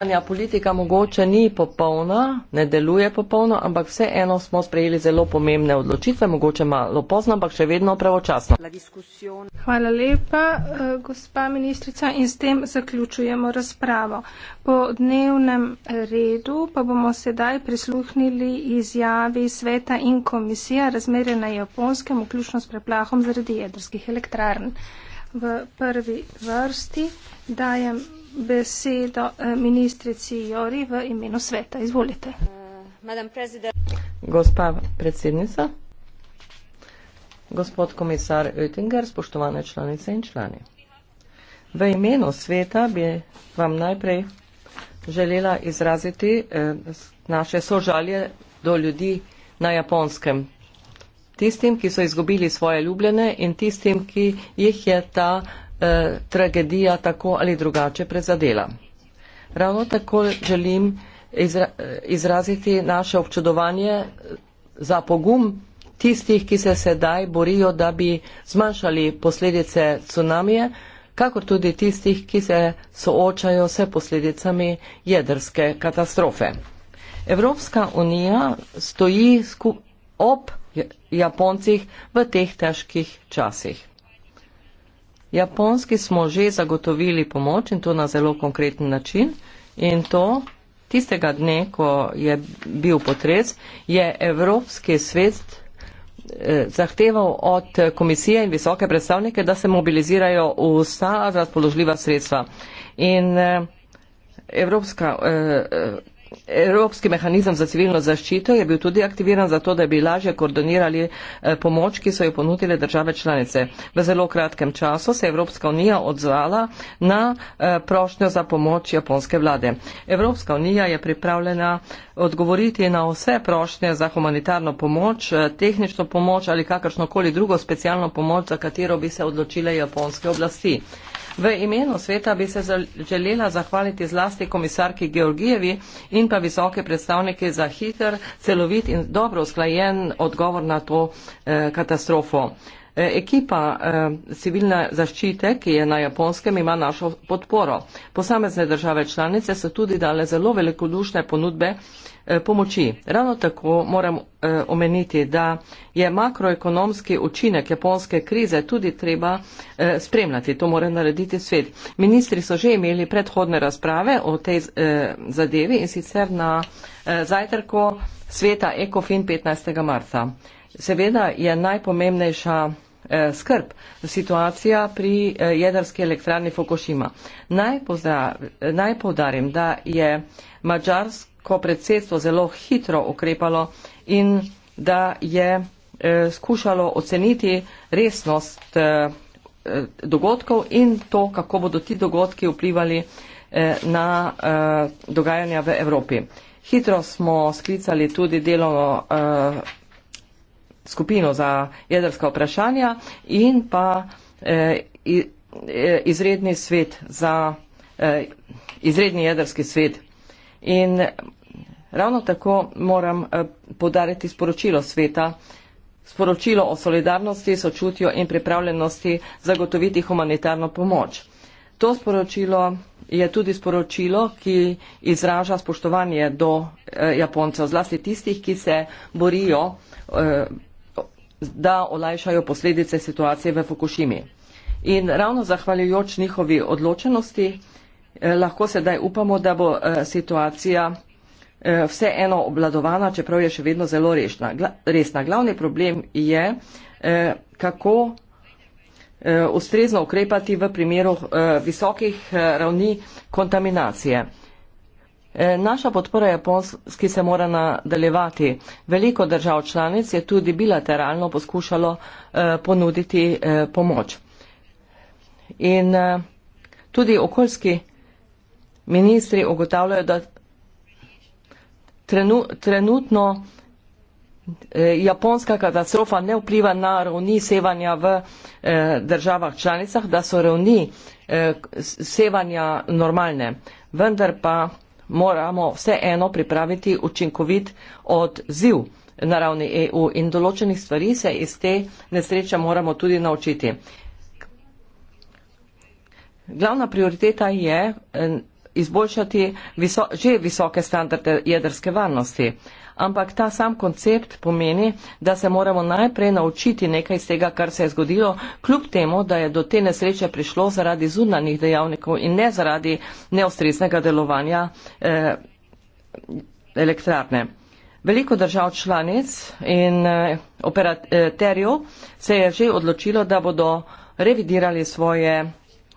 Zunanja politika mogoče ni popolna, ne deluje popolno, ampak vseeno smo sprejeli zelo pomembne odločitve, mogoče malo pozno, ampak še vedno pravočasno. Hvala lepa, eh, gospa ministrica, in s tem zaključujemo razpravo. Po dnevnem redu pa bomo sedaj prisluhnili izjavi sveta in komisija razmere na japonskem, vključno s preplahom zaradi jedrskih elektrarn. V prvi vrsti dajem besedo eh, ministrici Jori v imenu sveta. Izvolite. Gospa predsednica, gospod komisar Oettinger, spoštovane članice in člani. V imenu sveta bi vam najprej želela izraziti eh, naše sožalje do ljudi na japonskem. Tistim, ki so izgubili svoje ljubljene in tistim, ki jih je ta Eh, tragedija tako ali drugače prezadela. Ravno tako želim izra eh, izraziti naše občudovanje za pogum tistih, ki se sedaj borijo, da bi zmanjšali posledice tsunamije, kakor tudi tistih, ki se soočajo s posledicami jedrske katastrofe. Evropska unija stoji ob Japoncih v teh težkih časih. Japonski smo že zagotovili pomoč in to na zelo konkreten način. In to tistega dne, ko je bil potres, je Evropski svet eh, zahteval od komisije in visoke predstavnike, da se mobilizirajo vsa razpoložljiva sredstva. In eh, Evropska eh, Evropski mehanizem za civilno zaščito je bil tudi aktiviran zato, da bi lažje koordinirali eh, pomoč, ki so jo ponudile države članice. V zelo kratkem času se je Evropska unija odzvala na eh, prošnjo za pomoč japonske vlade. Evropska unija je pripravljena odgovoriti na vse prošnje za humanitarno pomoč, eh, tehnično pomoč ali kakršnokoli drugo specialno pomoč, za katero bi se odločile japonske oblasti. V imenu sveta bi se želela zahvaliti zlasti komisarki Georgijevi in pa visoke predstavnike za hiter, celovit in dobro usklajen odgovor na to eh, katastrofo. Eh, ekipa eh, civilne zaščite, ki je na japonskem, ima našo podporo. Posamezne države članice so tudi dale zelo velikodušne ponudbe eh, Eh, pomoči. Ravno tako moram eh, omeniti, da je makroekonomski učinek japonske krize tudi treba eh, spremljati. To mora narediti svet. Ministri so že imeli predhodne razprave o tej zadevi in sicer na zajtrko sveta ECOFIN 15. marca. Seveda je najpomembnejša skrb situacija pri jedrski elektrarni Fukushima. Naj, pozdrav, naj povdarim, da je Mačarsko ko predsedstvo zelo hitro ukrepalo in da je eh, skušalo oceniti resnost eh, eh, dogodkov in to, kako bodo ti dogodki vplivali na dogajanja v Evropi. Hitro smo sklicali tudi delovno skupino za jedrska vprašanja in pa izredni svet za izredni jedrski svet In ravno tako moram eh, podariti sporočilo sveta, sporočilo o solidarnosti, sočutju in pripravljenosti zagotoviti humanitarno pomoč. To sporočilo je tudi sporočilo, ki izraža spoštovanje do eh, Japoncev, zlasti tistih, ki se borijo, eh, da olajšajo posledice situacije v Fukushimi. In ravno zahvaljujoč njihovi odločenosti, Eh, lahko sedaj upamo, da bo eh, situacija eh, vseeno obladovana, čeprav je še vedno zelo resna. resna. Glavni problem je, kako ustrezno ukrepati v primeru visokih ravni kontaminacije. Naša podpora Japonski se mora nadaljevati. Veliko držav članic je tudi bilateralno poskušalo ponuditi pomoč. In tudi okoljski ministri ogotavljajo, da trenu, trenutno eh, japonska katastrofa ne vpliva na ravni sevanja v eh, državah članicah, da so ravni eh, sevanja normalne. Vendar pa moramo vseeno pripraviti učinkovit odziv na ravni EU in določenih stvari se iz te nesreče moramo tudi naučiti. Glavna prioriteta je e, izboljšati viso, že visoke standarde jedrske varnosti. Ampak ta sam koncept pomeni, da se moramo najprej naučiti nekaj iz tega, kar se je zgodilo, kljub temu, da je do te nesreče prišlo zaradi zunanih dejavnikov in ne zaradi neostreznega delovanja eh, elektrarne. Veliko držav članic in eh, operaterjev se je že odločilo, da bodo revidirali svoje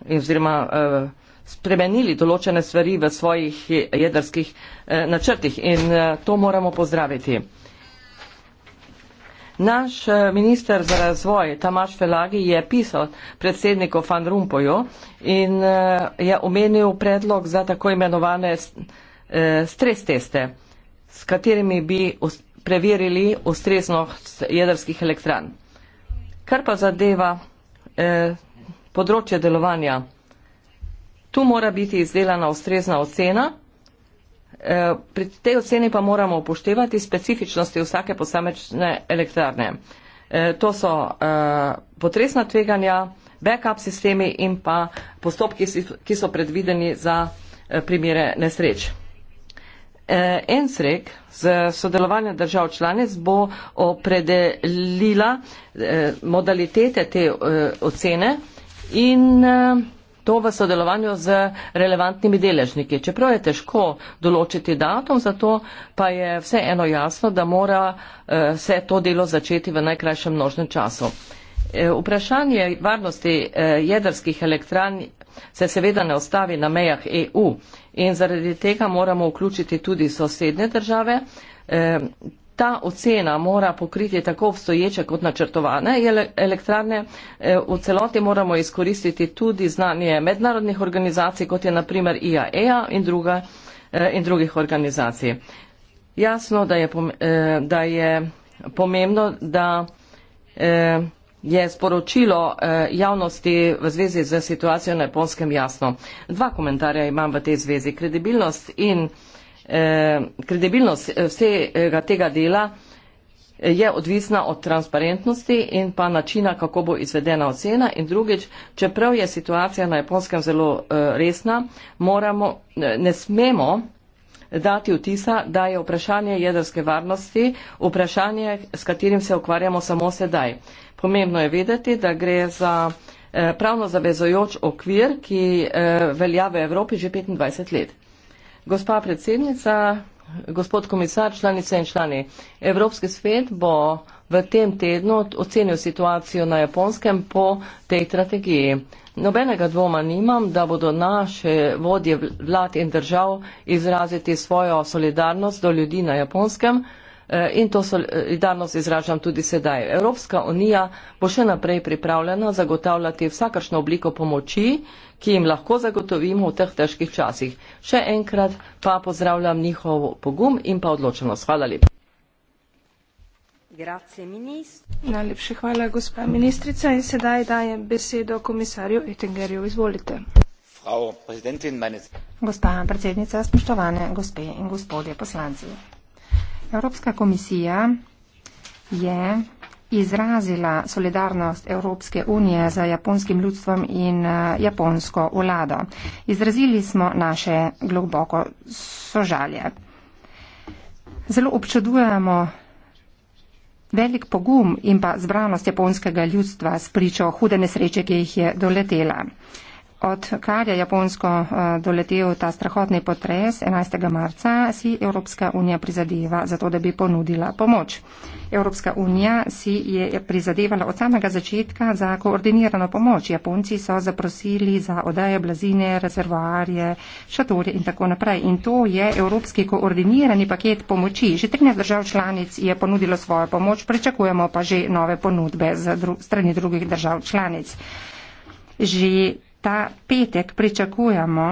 oziroma eh, spremenili določene stvari v svojih jedrskih eh, načrtih in eh, to moramo pozdraviti. Naš eh, minister za razvoj Tamaš Felagi je pisal predsedniku Van Rumpoju in je omenil predlog za tako imenovane stres teste, s katerimi bi preverili ustreznost jedrskih elektran. Kar pa zadeva področje delovanja Tu mora biti izdelana ustrezna ocena, e, pri tej oceni pa moramo upoštevati specifičnosti vsake posamečne elektrarne. E, to so e, potresna tveganja, backup sistemi in pa postopki, ki so predvideni za primere nesreč. ENSREK z sodelovanjem držav članic bo opredelila modalitete te ocene in To v sodelovanju z relevantnimi deležniki. Čeprav je težko določiti datum, zato pa je vse eno jasno, da mora vse eh, to delo začeti v najkrajšem množnem času. Eh, vprašanje varnosti eh, jedrskih elektran se seveda ne ostavi na mejah EU in zaradi tega moramo vključiti tudi sosednje države ta ocena mora pokriti tako obstoječe kot načrtovane e elektrarne. E, v celoti moramo izkoristiti tudi znanje mednarodnih organizacij, kot je naprimer IAEA e in, druga, in drugih organizacij. Jasno, da je, da je pomembno, da je sporočilo javnosti v zvezi z situacijo na Japonskem jasno. Dva komentarja imam v tej zvezi. Kredibilnost in eh, kredibilnost eh, vsega tega dela eh, je odvisna od transparentnosti in pa načina, kako bo izvedena ocena. In drugič, čeprav je situacija na japonskem zelo eh, resna, moramo, eh, ne smemo dati vtisa, da je vprašanje jedrske varnosti vprašanje, s katerim se ukvarjamo samo sedaj. Pomembno je vedeti, da gre za eh, pravno zavezojoč okvir, ki eh, velja v Evropi že 25 let. Gospa predsednica, gospod komisar, članice in člani, Evropski svet bo v tem tednu ocenil situacijo na japonskem po tej strategiji. Nobenega dvoma nimam, da bodo naše vodje vlad in držav izraziti svojo solidarnost do ljudi na japonskem eh, in to solidarnost izražam tudi sedaj. Evropska unija bo še naprej pripravljena zagotavljati vsakršno obliko pomoči, ki jim lahko zagotovimo v teh težkih časih. Še enkrat pa pozdravljam njihov pogum in pa odločenost. Hvala lepa. Najlepše hvala, gospa ministrica. In sedaj dajem besedo komisarju Ettingerju. Izvolite. Gospa predsednica, spoštovane gospe in gospodje poslanci. Evropska komisija je izrazila solidarnost Evropske unije z japonskim ljudstvom in eh, japonsko vlado. Izrazili smo naše globoko sožalje. Zelo občudujemo velik pogum in pa zbranost japonskega ljudstva s pričo hude nesreče, ki jih je doletela. Odkar je Japonsko eh, doletel ta strahotni potres 11. marca, si Evropska unija prizadeva za to, da bi ponudila pomoč. Evropska unija si je prizadevala od samega začetka za koordinirano pomoč. Japonci so zaprosili za odaje blazine, rezervoarje, šatorje in tako naprej. In to je Evropski koordinirani paket pomoči. Že 13 držav članic je ponudilo svojo pomoč, pričakujemo pa že nove ponudbe z dru strani drugih držav članic. Že ta petek pričakujemo,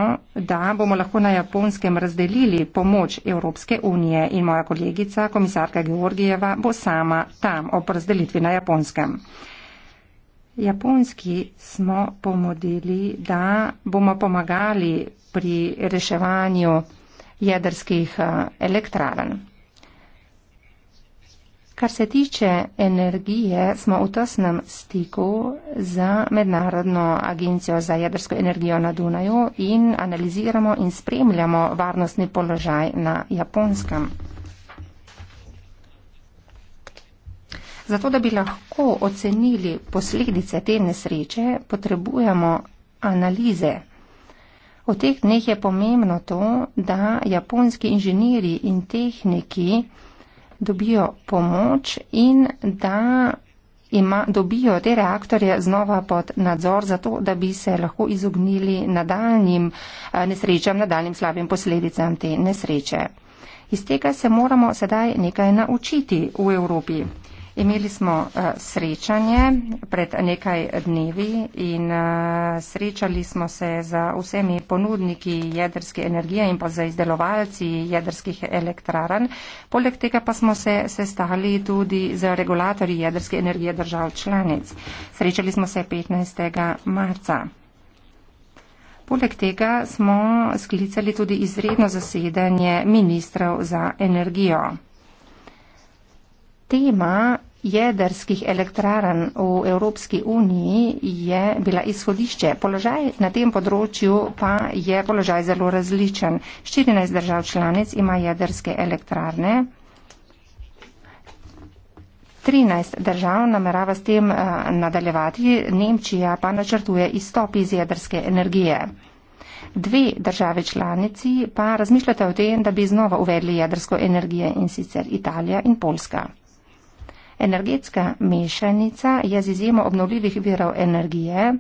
da bomo lahko na japonskem razdelili pomoč Evropske unije in moja kolegica, komisarka Georgijeva, bo sama tam ob razdelitvi na japonskem. Japonski smo pomodili, da bomo pomagali pri reševanju jedrskih eh, elektraren. Kar se tiče energije, smo v tesnem stiku z Mednarodno agencijo za jedrsko energijo na Dunaju in analiziramo in spremljamo varnostni položaj na Japonskem. Zato, da bi lahko ocenili posledice te nesreče, potrebujemo analize. V teh dneh je pomembno to, da japonski inženirji in tehniki dobijo pomoč in da ima, dobijo te reaktorje znova pod nadzor, zato da bi se lahko izognili nadaljnim eh, nesrečam, nadaljnim slabim posledicam te nesreče. Iz tega se moramo sedaj nekaj naučiti v Evropi. Imeli smo uh, srečanje pred nekaj dnevi in uh, srečali smo se z vsemi ponudniki jedrske energije in pa z izdelovalci jedrskih elektraran. Poleg tega pa smo se sestali tudi z regulatorji jedrske energije držav članic. Srečali smo se 15. marca. Poleg tega smo sklicali tudi izredno zasedanje ministrov za energijo. Tema jedrskih elektraran v Evropski uniji je bila izhodišče. Položaj na tem področju pa je položaj zelo različen. 14 držav članic ima jedrske elektrarne. 13 držav namerava s tem eh, nadaljevati, Nemčija pa načrtuje izstop iz jedrske energije. Dve države članici pa razmišljate o tem, da bi znova uvedli jedrsko energijo in sicer Italija in Polska. Energetska mešanica je z izjemo obnovljivih virov energije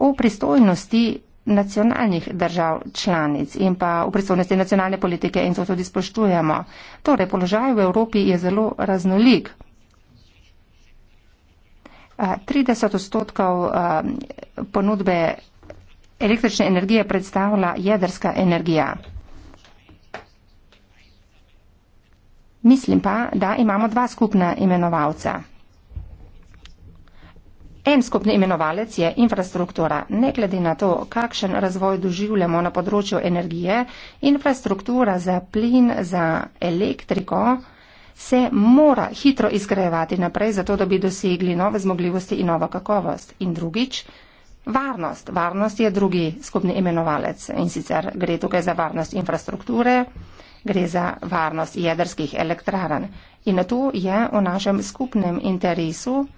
v pristojnosti nacionalnih držav članic in pa v pristojnosti nacionalne politike in to tudi spoštujemo. Torej, položaj v Evropi je zelo raznolik. 30 odstotkov ponudbe električne energije predstavlja jedrska energija. Mislim pa, da imamo dva skupna imenovalca. En skupni imenovalec je infrastruktura. Ne glede na to, kakšen razvoj doživljamo na področju energije, infrastruktura za plin, za elektriko se mora hitro izgrajevati naprej, zato da bi dosegli nove zmogljivosti in novo kakovost. In drugič, varnost. Varnost je drugi skupni imenovalec. In sicer gre tukaj za varnost infrastrukture gre za varnost jedrskih elektraran. In to je v našem skupnem interesu.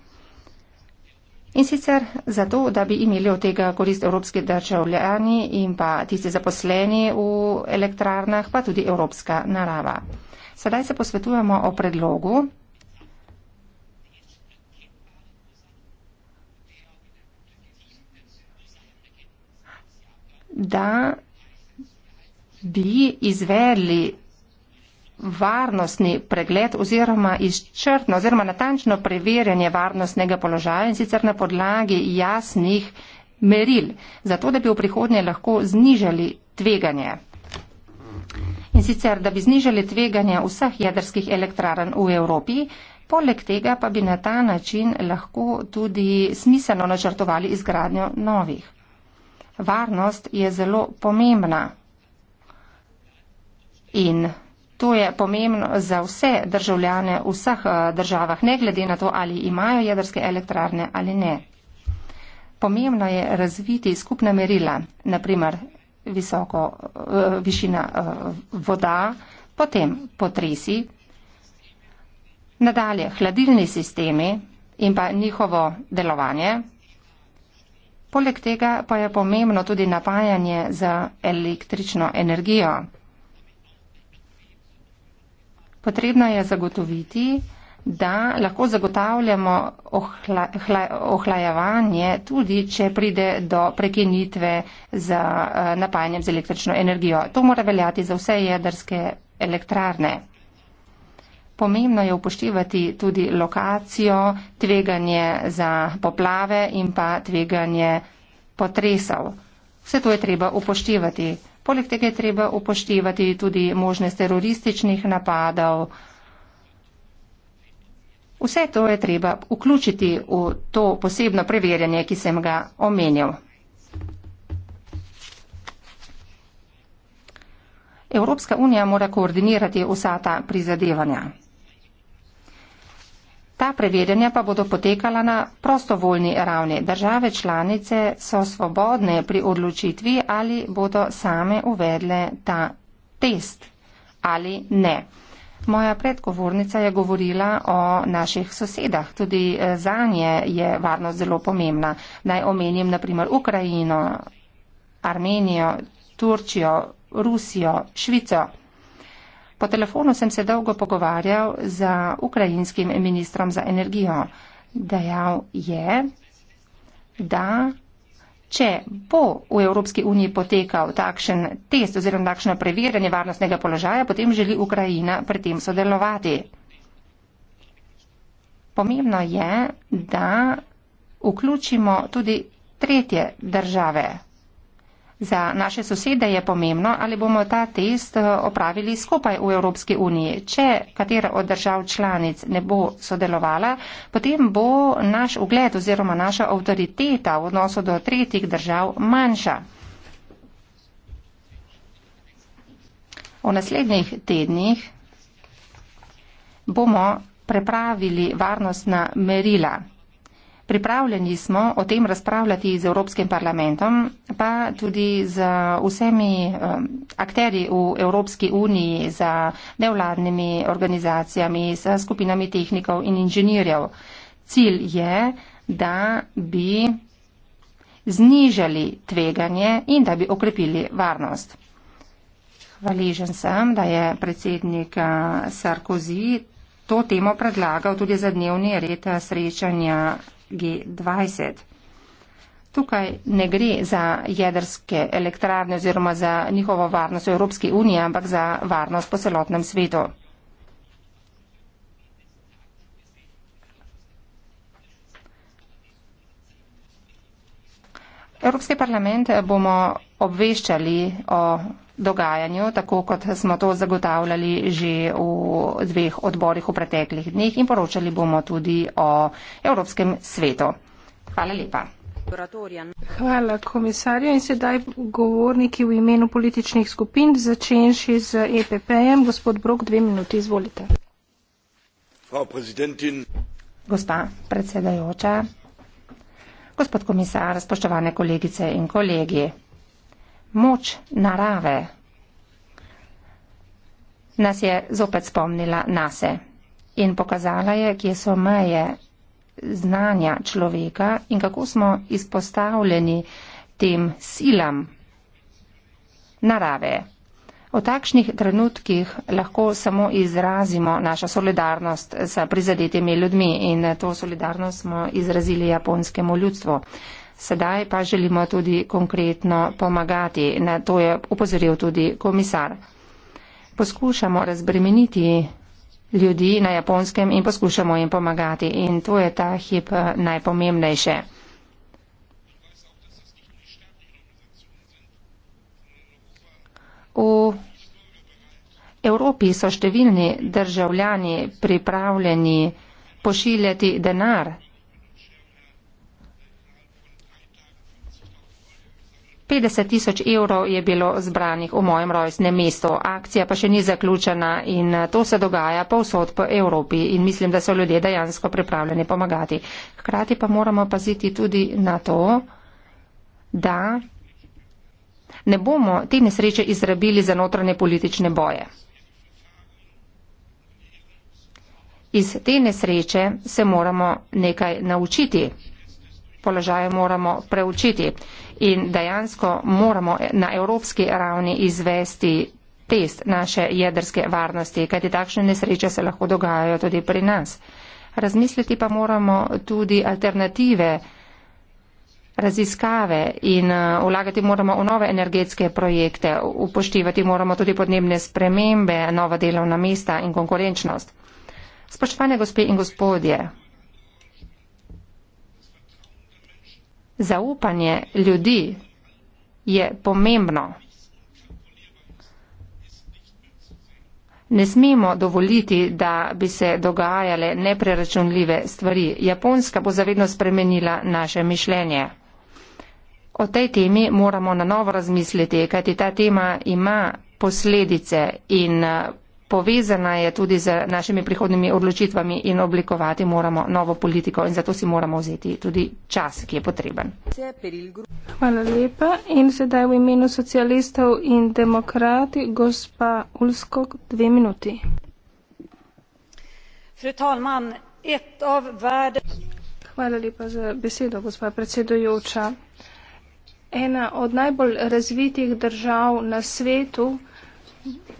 In sicer zato, da bi imeli od tega korist evropski državljani in pa tisti zaposleni v elektrarnah, pa tudi evropska narava. Sedaj se posvetujemo o predlogu. da bi izvedli varnostni pregled oziroma izčrtno oziroma natančno preverjanje varnostnega položaja in sicer na podlagi jasnih meril, zato da bi v prihodnje lahko znižali tveganje. In sicer, da bi znižali tveganje vseh jedrskih elektraren v Evropi, poleg tega pa bi na ta način lahko tudi smiselno načrtovali izgradnjo novih. Varnost je zelo pomembna In to je pomembno za vse državljane v vseh eh, državah, ne glede na to, ali imajo jedrske elektrarne ali ne. Pomembno je razviti skupna merila, naprimer visoko, eh, višina eh, voda, potem potresi, nadalje hladilni sistemi in pa njihovo delovanje. Poleg tega pa je pomembno tudi napajanje za električno energijo. Potrebno je zagotoviti, da lahko zagotavljamo ohla, ohlajevanje, tudi če pride do prekinitve z eh, napajanjem z električno energijo. To mora veljati za vse jedrske elektrarne. Pomembno je upoštevati tudi lokacijo, tveganje za poplave in pa tveganje potresov. Vse to je treba upoštevati. Poleg tega je treba upoštevati tudi možnost terorističnih napadov. Vse to je treba vključiti v to posebno preverjanje, ki sem ga omenjal. Evropska unija mora koordinirati vsa ta prizadevanja. Ta preverjanja pa bodo potekala na prostovoljni ravni. Države članice so svobodne pri odločitvi, ali bodo same uvedle ta test ali ne. Moja predgovornica je govorila o naših sosedah. Tudi eh, za nje je varnost zelo pomembna. Naj omenim naprimer Ukrajino, Armenijo, Turčijo, Rusijo, Švico. Po telefonu sem se dolgo pogovarjal z ukrajinskim ministrom za energijo. Dejal je, da če bo v Evropski uniji potekal takšen test oziroma takšno preverjanje varnostnega položaja, potem želi Ukrajina pri tem sodelovati. Pomembno je, da vključimo tudi tretje države. Za naše sosede je pomembno, ali bomo ta test eh, opravili skupaj v Evropski uniji. Če katera od držav članic ne bo sodelovala, potem bo naš ugled oziroma naša avtoriteta v odnosu do tretjih držav manjša. V naslednjih tednih bomo prepravili varnostna merila. Pripravljeni smo o tem razpravljati z Evropskim parlamentom, pa tudi z vsemi um, akteri v Evropski uniji, z nevladnimi organizacijami, s skupinami tehnikov in inženirjev. Cilj je, da bi znižali tveganje in da bi okrepili varnost. Hvaležen sem, da je predsednik uh, Sarkozy to temo predlagal tudi za dnevni red uh, srečanja G20. Tukaj ne gre za jedrske elektrarne oziroma za njihovo varnost v Evropski uniji, ampak za varnost po celotnem svetu. Evropski parlament bomo obveščali o dogajanju, tako kot smo to zagotavljali že v dveh odborih v preteklih dneh in poročali bomo tudi o Evropskem svetu. Hvala lepa. Hvala komisarja in sedaj govorniki v imenu političnih skupin, začenši z EPP-jem. Gospod Brok, dve minuti, izvolite. Gospa predsedajoča, gospod komisar, spoštovane kolegice in kolegi moč narave nas je zopet spomnila nase in pokazala je, kje so meje znanja človeka in kako smo izpostavljeni tem silam narave. V takšnih trenutkih lahko samo izrazimo našo solidarnost s prizadetimi ljudmi in to solidarnost smo izrazili japonskemu ljudstvu sedaj pa želimo tudi konkretno pomagati. Na to je upozoril tudi komisar. Poskušamo razbremeniti ljudi na japonskem in poskušamo jim pomagati. In to je ta hip najpomembnejše. V Evropi so številni državljani pripravljeni pošiljati denar 50 tisoč evrov je bilo zbranih v mojem rojstnem mestu. Akcija pa še ni zaključena in eh, to se dogaja povsod po Evropi in mislim, da so ljudje dejansko pripravljeni pomagati. Hkrati pa moramo paziti tudi na to, da ne bomo te nesreče izrabili za notranje politične boje. Iz te nesreče se moramo nekaj naučiti položaje moramo preučiti in dejansko moramo na evropski ravni izvesti test naše jedrske varnosti, kajti takšne nesreče se lahko dogajajo tudi pri nas. Razmisliti pa moramo tudi alternative raziskave in eh, vlagati moramo v nove energetske projekte, upoštevati moramo tudi podnebne spremembe, nova delovna mesta in konkurenčnost. Spoštovane gospe in gospodje, zaupanje ljudi je pomembno. Ne smemo dovoliti, da bi se dogajale nepreračunljive stvari. Japonska bo zavedno spremenila naše mišljenje. O tej temi moramo na novo razmisliti, kajti ta tema ima posledice in povezana je tudi z našimi prihodnimi odločitvami in oblikovati moramo novo politiko in zato si moramo vzeti tudi čas, ki je potreben. Hvala lepa in sedaj v imenu socialistov in demokrati gospa Ulsko dve minuti. Talman, verde... Hvala lepa za besedo, gospa predsedujoča. Ena od najbolj razvitih držav na svetu,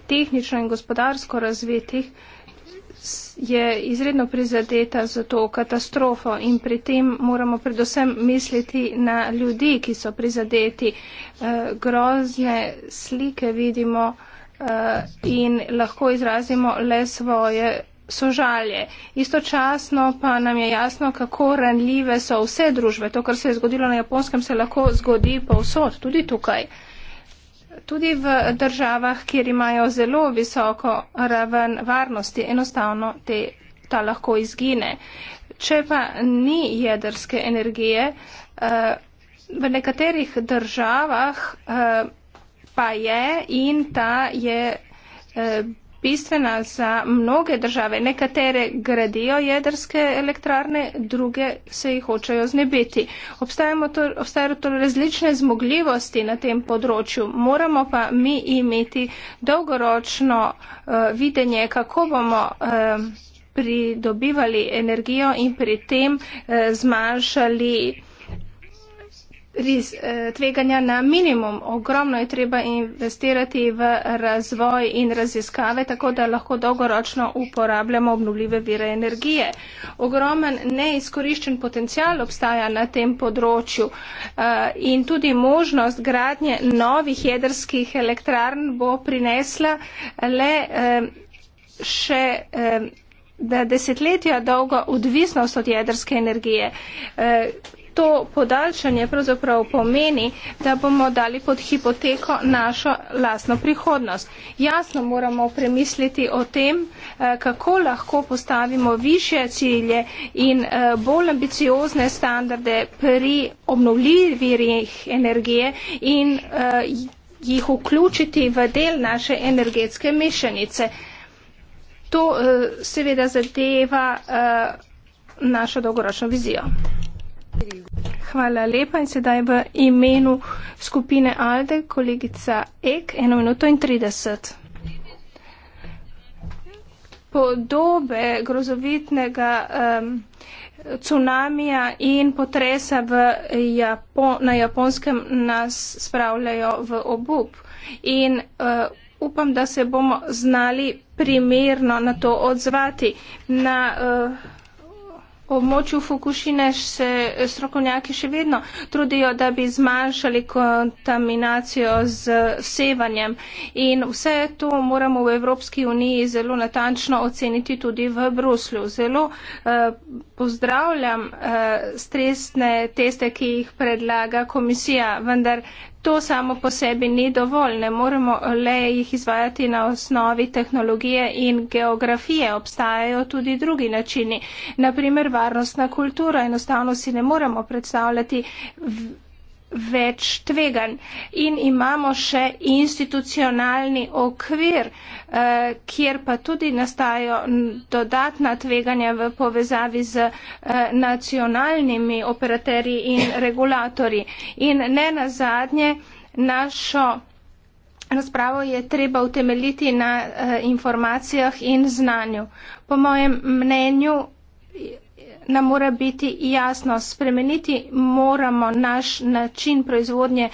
tehnično in gospodarsko razvitih, je izredno prizadeta za to katastrofo in pri tem moramo predvsem misliti na ljudi, ki so prizadeti. Eh, grozne slike vidimo eh, in lahko izrazimo le svoje sožalje. Istočasno pa nam je jasno, kako ranljive so vse družbe. To, kar se je zgodilo na japonskem, se lahko zgodi povsod, tudi tukaj tudi v državah, kjer imajo zelo visoko raven varnosti, enostavno te, ta lahko izgine. Če pa ni jedrske energije, eh, v nekaterih državah eh, pa je in ta je eh, bistvena za mnoge države. Nekatere gradijo jedrske elektrarne, druge se jih hočejo znebiti. Obstajajo torej različne zmogljivosti na tem področju. Moramo pa mi imeti dolgoročno uh, videnje, kako bomo. Uh, pridobivali energijo in pri tem eh, zmanjšali eh, res eh, tveganja na minimum. Ogromno je treba investirati v razvoj in raziskave, tako da lahko dolgoročno uporabljamo obnovljive vire energije. Ogromen neizkoriščen potencial obstaja na tem področju eh, in tudi možnost gradnje novih jedrskih elektrarn bo prinesla le eh, še da desetletja dolgo odvisnost od jedrske energije to podaljšanje pravzaprav pomeni, da bomo dali pod hipoteko našo lastno prihodnost. Jasno moramo premisliti o tem, eh, kako lahko postavimo više cilje in eh, bolj ambiciozne standarde pri obnovljivih energije in eh, jih vključiti v del naše energetske mešanice. To seveda zadeva našo dolgoročno vizijo. Hvala lepa in sedaj v imenu skupine Alde, kolegica Ek, 1 minuto in 30. Podobe grozovitnega um, cunamija in potresa v Japo na japonskem nas spravljajo v obup. In uh, upam, da se bomo znali primerno na to odzvati. Na, uh, območju Fukušine se strokovnjaki še vedno trudijo, da bi zmanjšali kontaminacijo z sevanjem. In vse to moramo v Evropski uniji zelo natančno oceniti tudi v Bruslju. Zelo eh, pozdravljam eh, stresne teste, ki jih predlaga komisija, vendar To samo po sebi ni dovolj, ne moremo le jih izvajati na osnovi tehnologije in geografije. Obstajajo tudi drugi načini, naprimer varnostna kultura. Enostavno si ne moremo predstavljati več tveganj. In imamo še institucionalni okvir, eh, kjer pa tudi nastajajo dodatna tveganja v povezavi z eh, nacionalnimi operaterji in regulatorji. In ne na zadnje, našo razpravo je treba utemeljiti na eh, informacijah in znanju. Po mojem mnenju nam mora biti jasno, spremeniti moramo naš način proizvodnje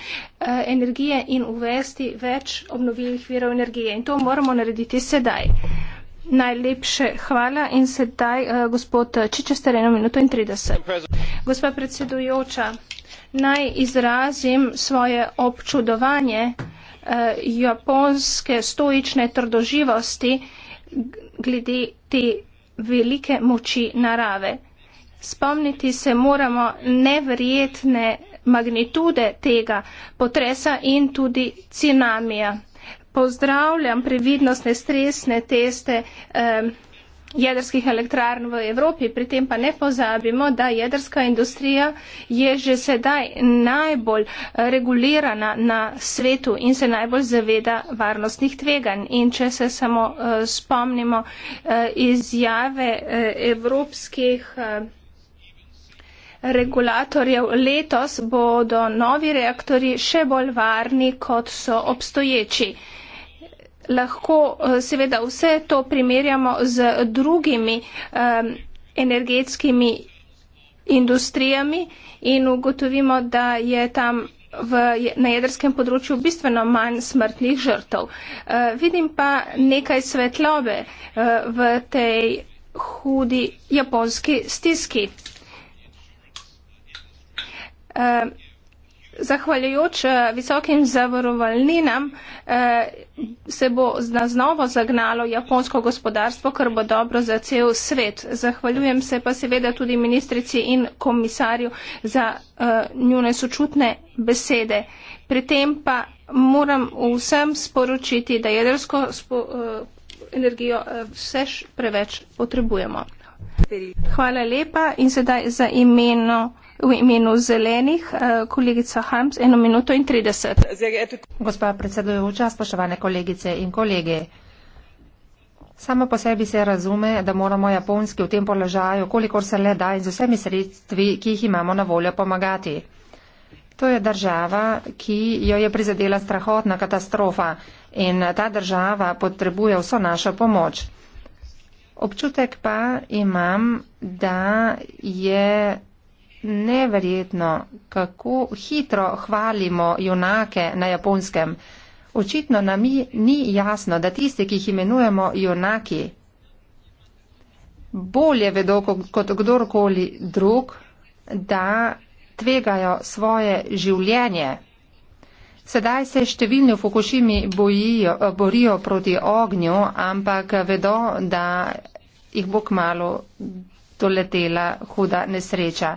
eh, energije in uvesti več obnovljivih virov energije. In to moramo narediti sedaj. Najlepše hvala in sedaj eh, gospod Čičester, eno minuto in 30. Gospa predsedujoča, naj izrazim svoje občudovanje eh, japonske stoične trdoživosti glede te velike moči narave. Spomniti se moramo neverjetne magnitude tega potresa in tudi cinamija. Pozdravljam previdnostne stresne teste eh, jedrskih elektrarn v Evropi, pri tem pa ne pozabimo, da jedrska industrija je že sedaj najbolj regulirana na svetu in se najbolj zaveda varnostnih tveganj. In če se samo eh, spomnimo eh, izjave eh, evropskih. Eh, regulatorjev letos bodo novi reaktori še bolj varni, kot so obstoječi. Lahko eh, seveda vse to primerjamo z drugimi um, energetskimi industrijami in ugotovimo, da je tam v, na jedrskem področju bistveno manj smrtnih žrtev. Uh, vidim pa nekaj svetlobe uh, v tej hudi japonski stiski eh, zahvaljujoč eh, visokim zavarovalninam eh, se bo znova zagnalo japonsko gospodarstvo, kar bo dobro za cel svet. Zahvaljujem se pa seveda tudi ministrici in komisarju za eh, njune sočutne besede. Pri tem pa moram vsem sporočiti, da jedrsko spo, eh, energijo eh, vse preveč potrebujemo. Hvala lepa in sedaj za imeno v imenu zelenih, eh, kolegica Hams, eno minuto in trideset. Gospa predsedujoča, spoštovane kolegice in kolege. Samo po sebi se razume, da moramo japonski v tem položaju, kolikor se le da in z vsemi sredstvi, ki jih imamo na voljo, pomagati. To je država, ki jo je prizadela strahotna katastrofa in ta država potrebuje vso našo pomoč. Občutek pa imam, da je Neverjetno, kako hitro hvalimo junake na japonskem. Očitno nam ni jasno, da tisti, ki jih imenujemo junaki, bolje vedo kot kdorkoli drug, da tvegajo svoje življenje. Sedaj se številni v Fukushimi bojijo, borijo proti ognju, ampak vedo, da jih bo kmalo doletela huda nesreča.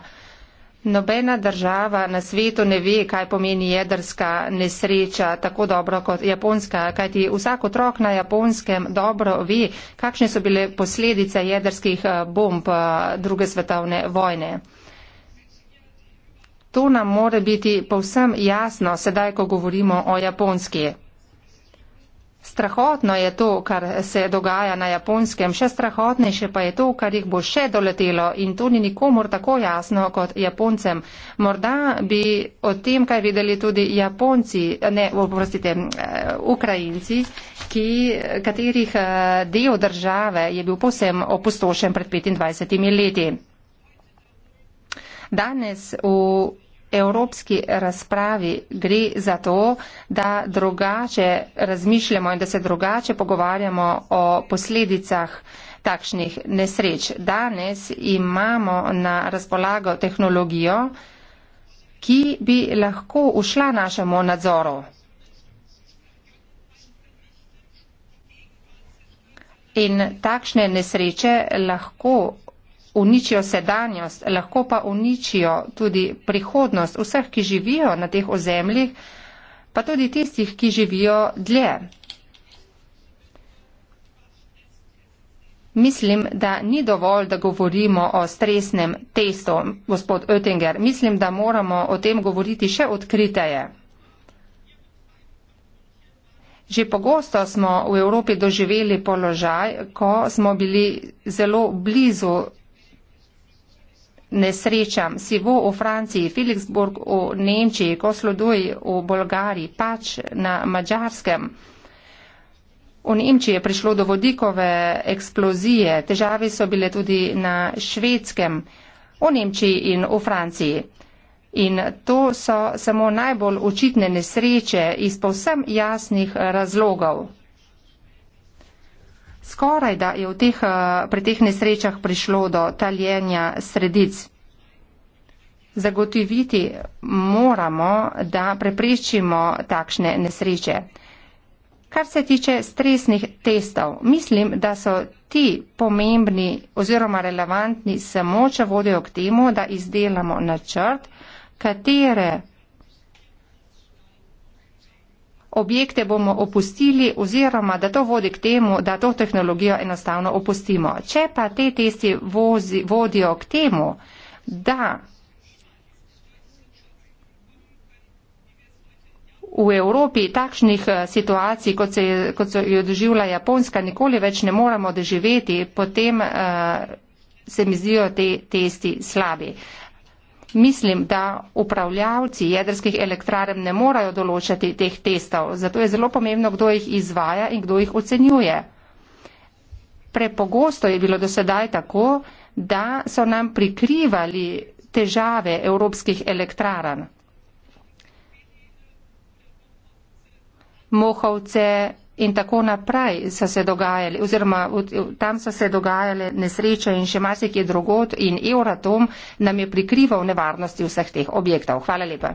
Nobena država na svetu ne ve, kaj pomeni jedrska nesreča tako dobro kot Japonska, kajti vsak otrok na Japonskem dobro ve, kakšne so bile posledice jedrskih eh, bomb eh, druge svetovne vojne. To nam mora biti povsem jasno sedaj, ko govorimo o Japonski. Strahotno je to, kar se dogaja na japonskem, še strahotnejše pa je to, kar jih bo še doletelo in to ni nikomor tako jasno kot japoncem. Morda bi o tem, kaj videli tudi japonci, ne, oprostite, eh, ukrajinci, ki, katerih eh, del države je bil posem opustošen pred 25 leti. Danes v evropski razpravi gre za to, da drugače razmišljamo in da se drugače pogovarjamo o posledicah takšnih nesreč. Danes imamo na razpolago tehnologijo, ki bi lahko ušla našemu nadzoru. In takšne nesreče lahko uničijo sedanjost, lahko pa uničijo tudi prihodnost vseh, ki živijo na teh ozemljih, pa tudi tistih, ki živijo dlje. Mislim, da ni dovolj, da govorimo o stresnem testu, gospod Oettinger. Mislim, da moramo o tem govoriti še odkriteje. Že pogosto smo v Evropi doživeli položaj, ko smo bili zelo blizu nesrečam, Sivo v Franciji, Felixburg v Nemčiji, Kosloduj v Bolgariji, pač na Mačarskem. V Nemčiji je prišlo do vodikove eksplozije, težave so bile tudi na švedskem, v Nemčiji in v Franciji. In to so samo najbolj očitne nesreče iz povsem jasnih razlogov skoraj da je teh, eh, pri teh nesrečah prišlo do taljenja sredic. Zagotoviti moramo, da preprečimo takšne nesreče. Kar se tiče stresnih testov, mislim, da so ti pomembni oziroma relevantni samo, če vodijo k temu, da izdelamo načrt, katere objekte bomo opustili oziroma da to vodi k temu, da to tehnologijo enostavno opustimo. Če pa te testi vozi, vodijo k temu, da v Evropi takšnih eh, situacij, kot, se, kot so jo doživljala Japonska, nikoli več ne moramo doživeti, potem uh, se mi zdijo te testi slabi. Uh, Mislim, da upravljavci jedrskih elektrarem ne morajo določati teh testov, zato je zelo pomembno, kdo jih izvaja in kdo jih ocenjuje. Prepogosto je bilo dosedaj tako, da so nam prikrivali težave evropskih elektrarn. Mohovce, in tako naprej so se dogajali, oziroma tam so se dogajale nesreče in še marsikje drugot in Euratom nam je prikrival nevarnosti vseh teh objektov. Hvala lepa.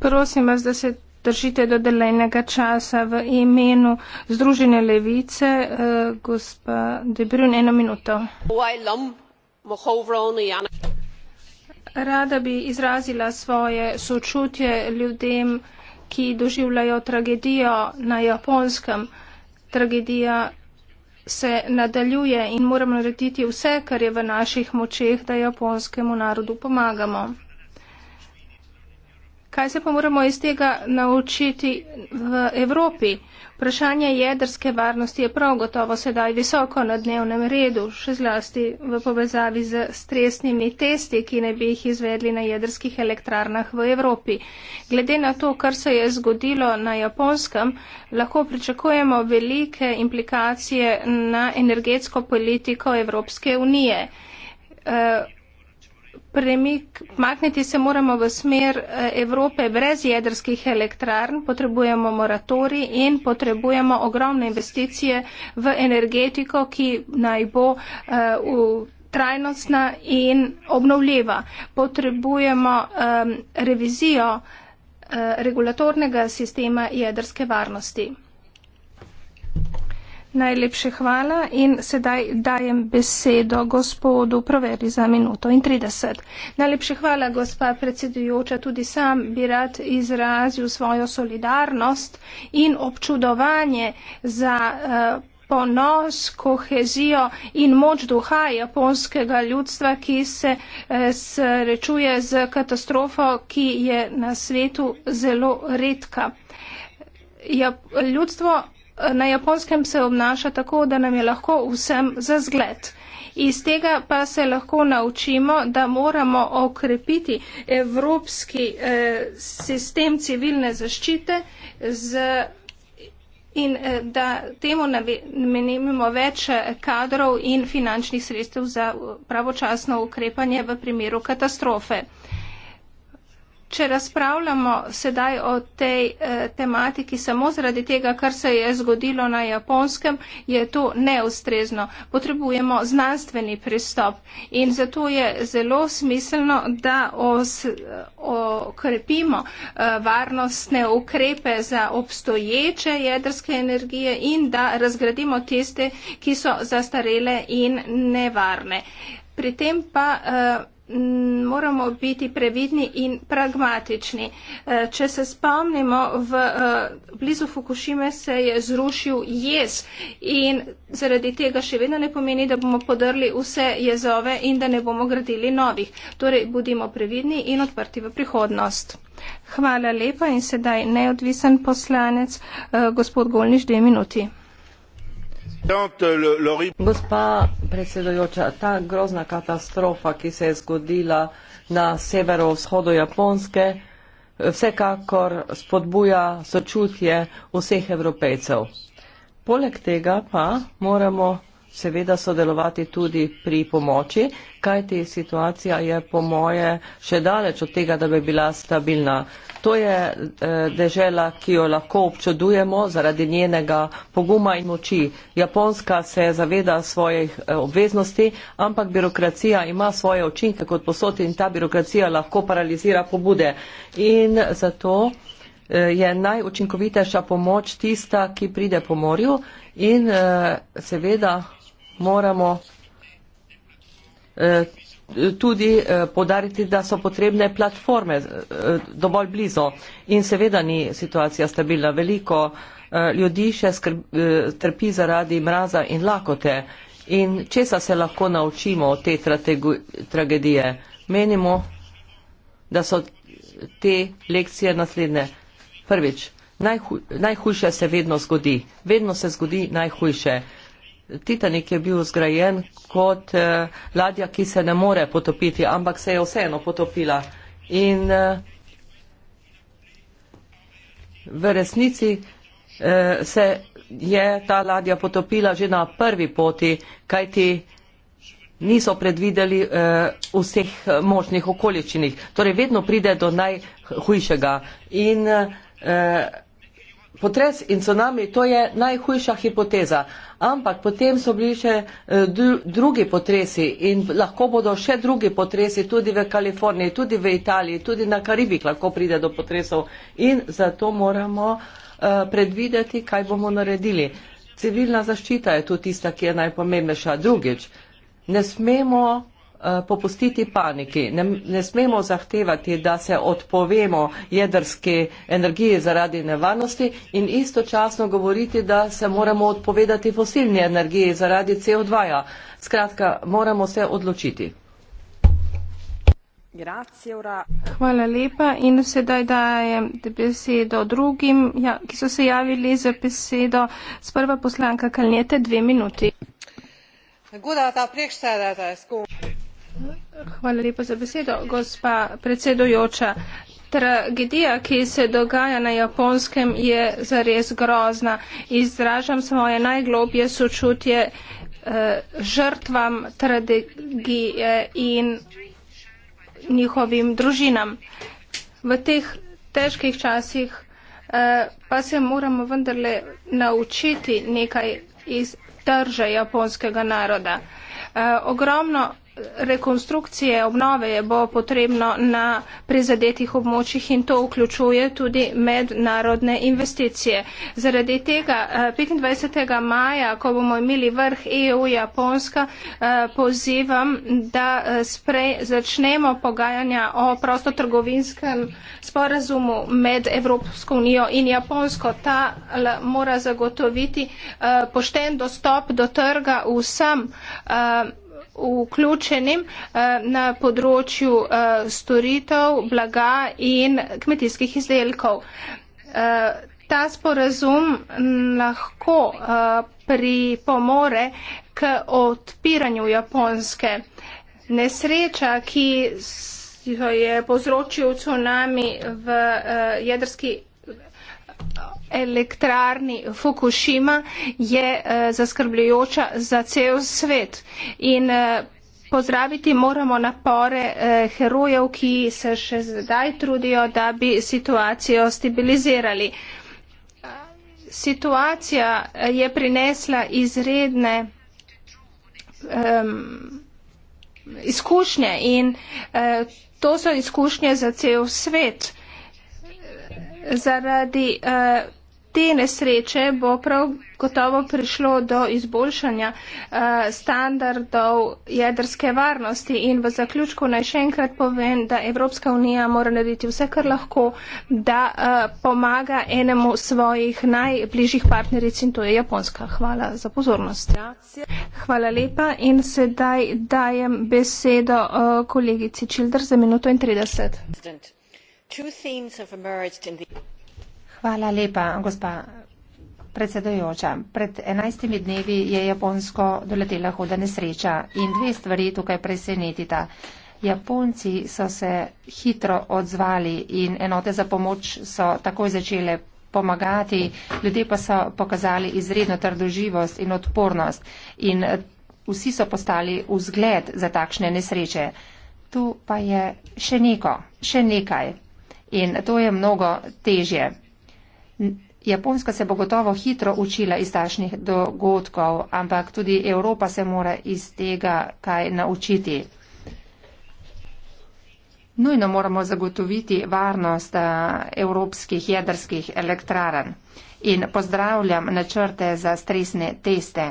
Prosim vas, da se držite do delenega časa v imenu Združene levice, uh, gospa Debrun, eno minuto. Rada bi izrazila svoje sočutje ljudem, ki doživljajo tragedijo na japonskem. Tragedija se nadaljuje in moramo narediti vse, kar je v naših močeh, da japonskemu narodu pomagamo. Kaj se pa moramo iz tega naučiti v Evropi? Vprašanje jedrske varnosti je prav gotovo sedaj visoko na dnevnem redu, še zlasti v povezavi z stresnimi testi, ki ne bi jih izvedli na jedrskih elektrarnah v Evropi. Glede na to, kar se je zgodilo na japonskem, lahko pričakujemo velike implikacije na energetsko politiko Evropske unije. Uh, premik, makniti se moramo v smer eh, Evrope brez jedrskih elektrarn, potrebujemo moratori in potrebujemo ogromne investicije v energetiko, ki naj bo eh, v trajnostna in obnovljiva. Potrebujemo eh, revizijo regulatornega sistema jedrske varnosti. Najlepše hvala in sedaj dajem besedo gospodu Proveri za minuto in 30. Najlepše hvala, gospa predsedujoča. Tudi sam bi rad izrazil svojo solidarnost in občudovanje za. Uh, ponos, kohezijo in moč duha japonskega ljudstva, ki se eh, srečuje z katastrofo, ki je na svetu zelo redka. Ja, ljudstvo na japonskem se obnaša tako, da nam je lahko vsem za zgled. Iz tega pa se lahko naučimo, da moramo okrepiti evropski eh, sistem civilne zaščite z, in eh, da temu namenimo več eh, kadrov in finančnih sredstev za pravočasno ukrepanje v primeru katastrofe. Če razpravljamo sedaj o tej eh, tematiki samo zaradi tega, kar se je zgodilo na japonskem, je to neustrezno. Potrebujemo znanstveni pristop in zato je zelo smiselno, da okrepimo eh, varnostne ukrepe za obstoječe jedrske energije in da razgradimo tiste, ki so zastarele in nevarne. Pri tem pa. Eh, moramo biti previdni in pragmatični. E, če se spomnimo, v e, blizu Fukushime se je zrušil jez in zaradi tega še vedno ne pomeni, da bomo podrli vse jezove in da ne bomo gradili novih. Torej, budimo previdni in odprti v prihodnost. Hvala lepa in sedaj neodvisen poslanec, e, gospod Golniš, dve minuti. Uh, gospa predsedujoča ta grozna katastrofa ki se je zgodila na severovzhodu japonske vsekakor spodbuja sočutje vseh evropejcev poleg tega pa moramo seveda sodelovati tudi pri pomoči, kajti situacija je po moje še daleč od tega, da bi bila stabilna. To je eh, dežela, ki jo lahko občudujemo zaradi njenega poguma in moči. Japonska se zaveda svojih eh, obveznosti, ampak birokracija ima svoje učinke kot posod in ta birokracija lahko paralizira pobude. In zato eh, je najučinkovitejša pomoč tista, ki pride po morju in seveda moramo tudi eh, podariti, da so potrebne platforme eh, dovolj blizu in seveda ni situacija stabilna. Veliko eh, ljudi še skrb, trpi zaradi mraza in lakote in česa se lahko naučimo od te tragedije. Menimo, da so te lekcije naslednje. Prvič, najhu, najhujše se vedno zgodi, vedno se zgodi najhujše. Titanik je bil zgrajen kot eh, ladja, ki se ne more potopiti, ampak se je vseeno potopila. In eh, v resnici eh, se je ta ladja potopila že na prvi poti, kajti niso predvideli eh, vseh možnih okoliščinih. Torej, vedno pride do najhujšega. In, eh, Potres in tsunami, to je najhujša hipoteza, ampak potem so bili še eh, drugi potresi in lahko bodo še drugi potresi tudi v Kaliforniji, tudi v Italiji, tudi na Karibih lahko pride do potresov in zato moramo eh, predvideti, kaj bomo naredili. Civilna zaščita je tu tista, ki je najpomembnejša. Drugič, ne smemo Eh, popustiti paniki. Ne, ne smemo zahtevati, da se odpovemo jedrski energiji zaradi nevarnosti in istočasno govoriti, da se moramo odpovedati fosilni energiji zaradi CO2. -ja. Skratka, moramo se odločiti. Hvala lepa in sedaj dajem besedo drugim, ja, ki so se javili za besedo. Sprva poslanka Kalnjete, dve minuti. Hvala lepa za besedo, gospa predsedujoča. Tragedija, ki se dogaja na japonskem, je zares grozna. Izražam svoje najglobje sočutje eh, žrtvam tragedije in njihovim družinam. V teh težkih časih eh, pa se moramo vendarle naučiti nekaj iz trže japonskega naroda. Eh, ogromno rekonstrukcije obnove je bo potrebno na prizadetih območjih in to vključuje tudi mednarodne investicije. Zaradi tega 25. Eh, maja, ko bomo imeli vrh EU-Japonska, eh, pozivam, da eh, sprej, začnemo pogajanja o prostotrgovinskem sporazumu med Evropsko unijo in Japonsko. Ta mora zagotoviti pošten dostop do trga vsem vključenim eh, na področju eh, storitev, blaga in kmetijskih izdelkov. Eh, ta sporazum mm, lahko pripomore k odpiranju Japonske. Nesreča, ki jo je povzročil tsunami v jedrski elektrarni Fukushima je uh, zaskrbljujoča za cel svet. In, uh, Pozdraviti moramo napore eh, herojev, ki se še zdaj trudijo, da bi situacijo stabilizirali. Situacija eh, je prinesla izredne eh, izkušnje in eh, to so izkušnje za cel svet. Zaradi eh, te nesreče bo prav gotovo prišlo do izboljšanja eh, standardov jedrske varnosti. In v zaključku naj še enkrat povem, da Evropska unija mora narediti vse, kar lahko, da eh, pomaga enemu svojih najbližjih partneric in to je Japonska. Hvala za pozornost. Hvala lepa in sedaj dajem besedo eh, kolegici Čilder za minuto in 30. Hvala lepa, gospa predsedojoča. Pred enajstimi dnevi je Japonsko doletela huda nesreča in dve stvari tukaj presenetita. Japonci so se hitro odzvali in enote za pomoč so takoj začele pomagati, ljudje pa so pokazali izredno trdoživost in odpornost in eh, vsi so postali vzgled za takšne nesreče. Tu pa je še neko, še nekaj. In to je mnogo težje. Japonska se bo gotovo hitro učila iz takšnih dogodkov, ampak tudi Evropa se mora iz tega kaj naučiti. Nujno moramo zagotoviti varnost eh, evropskih jedrskih elektraren in pozdravljam načrte za stresne teste.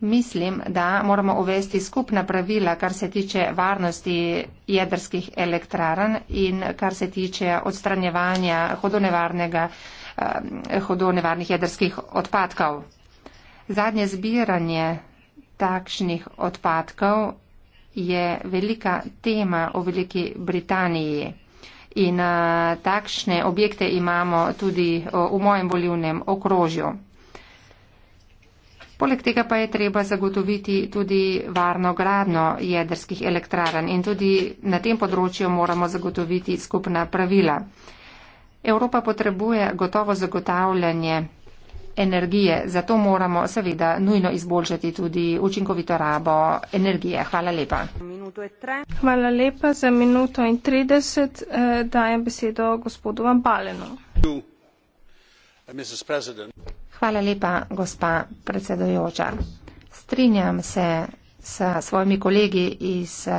Mislim, da moramo uvesti skupna pravila, kar se tiče varnosti jedrskih elektraren in kar se tiče odstranjevanja hodonevarnega elektrarna. Eh, hudo nevarnih jedrskih odpadkov. Zadnje zbiranje takšnih odpadkov je velika tema v Veliki Britaniji. In a, eh, takšne objekte imamo tudi o, eh, v mojem volivnem okrožju. Poleg tega pa je treba zagotoviti tudi varno gradno jedrskih elektraren in tudi na tem področju moramo zagotoviti skupna pravila. Evropa potrebuje gotovo zagotavljanje energije, zato moramo seveda nujno izboljšati tudi učinkovito rabo energije. Hvala lepa. E Hvala lepa za minuto in 30. Eh, dajem besedo gospodu Van Balenu. Uh, Hvala lepa, gospa predsedojoča. Strinjam se s svojimi kolegi iz eh,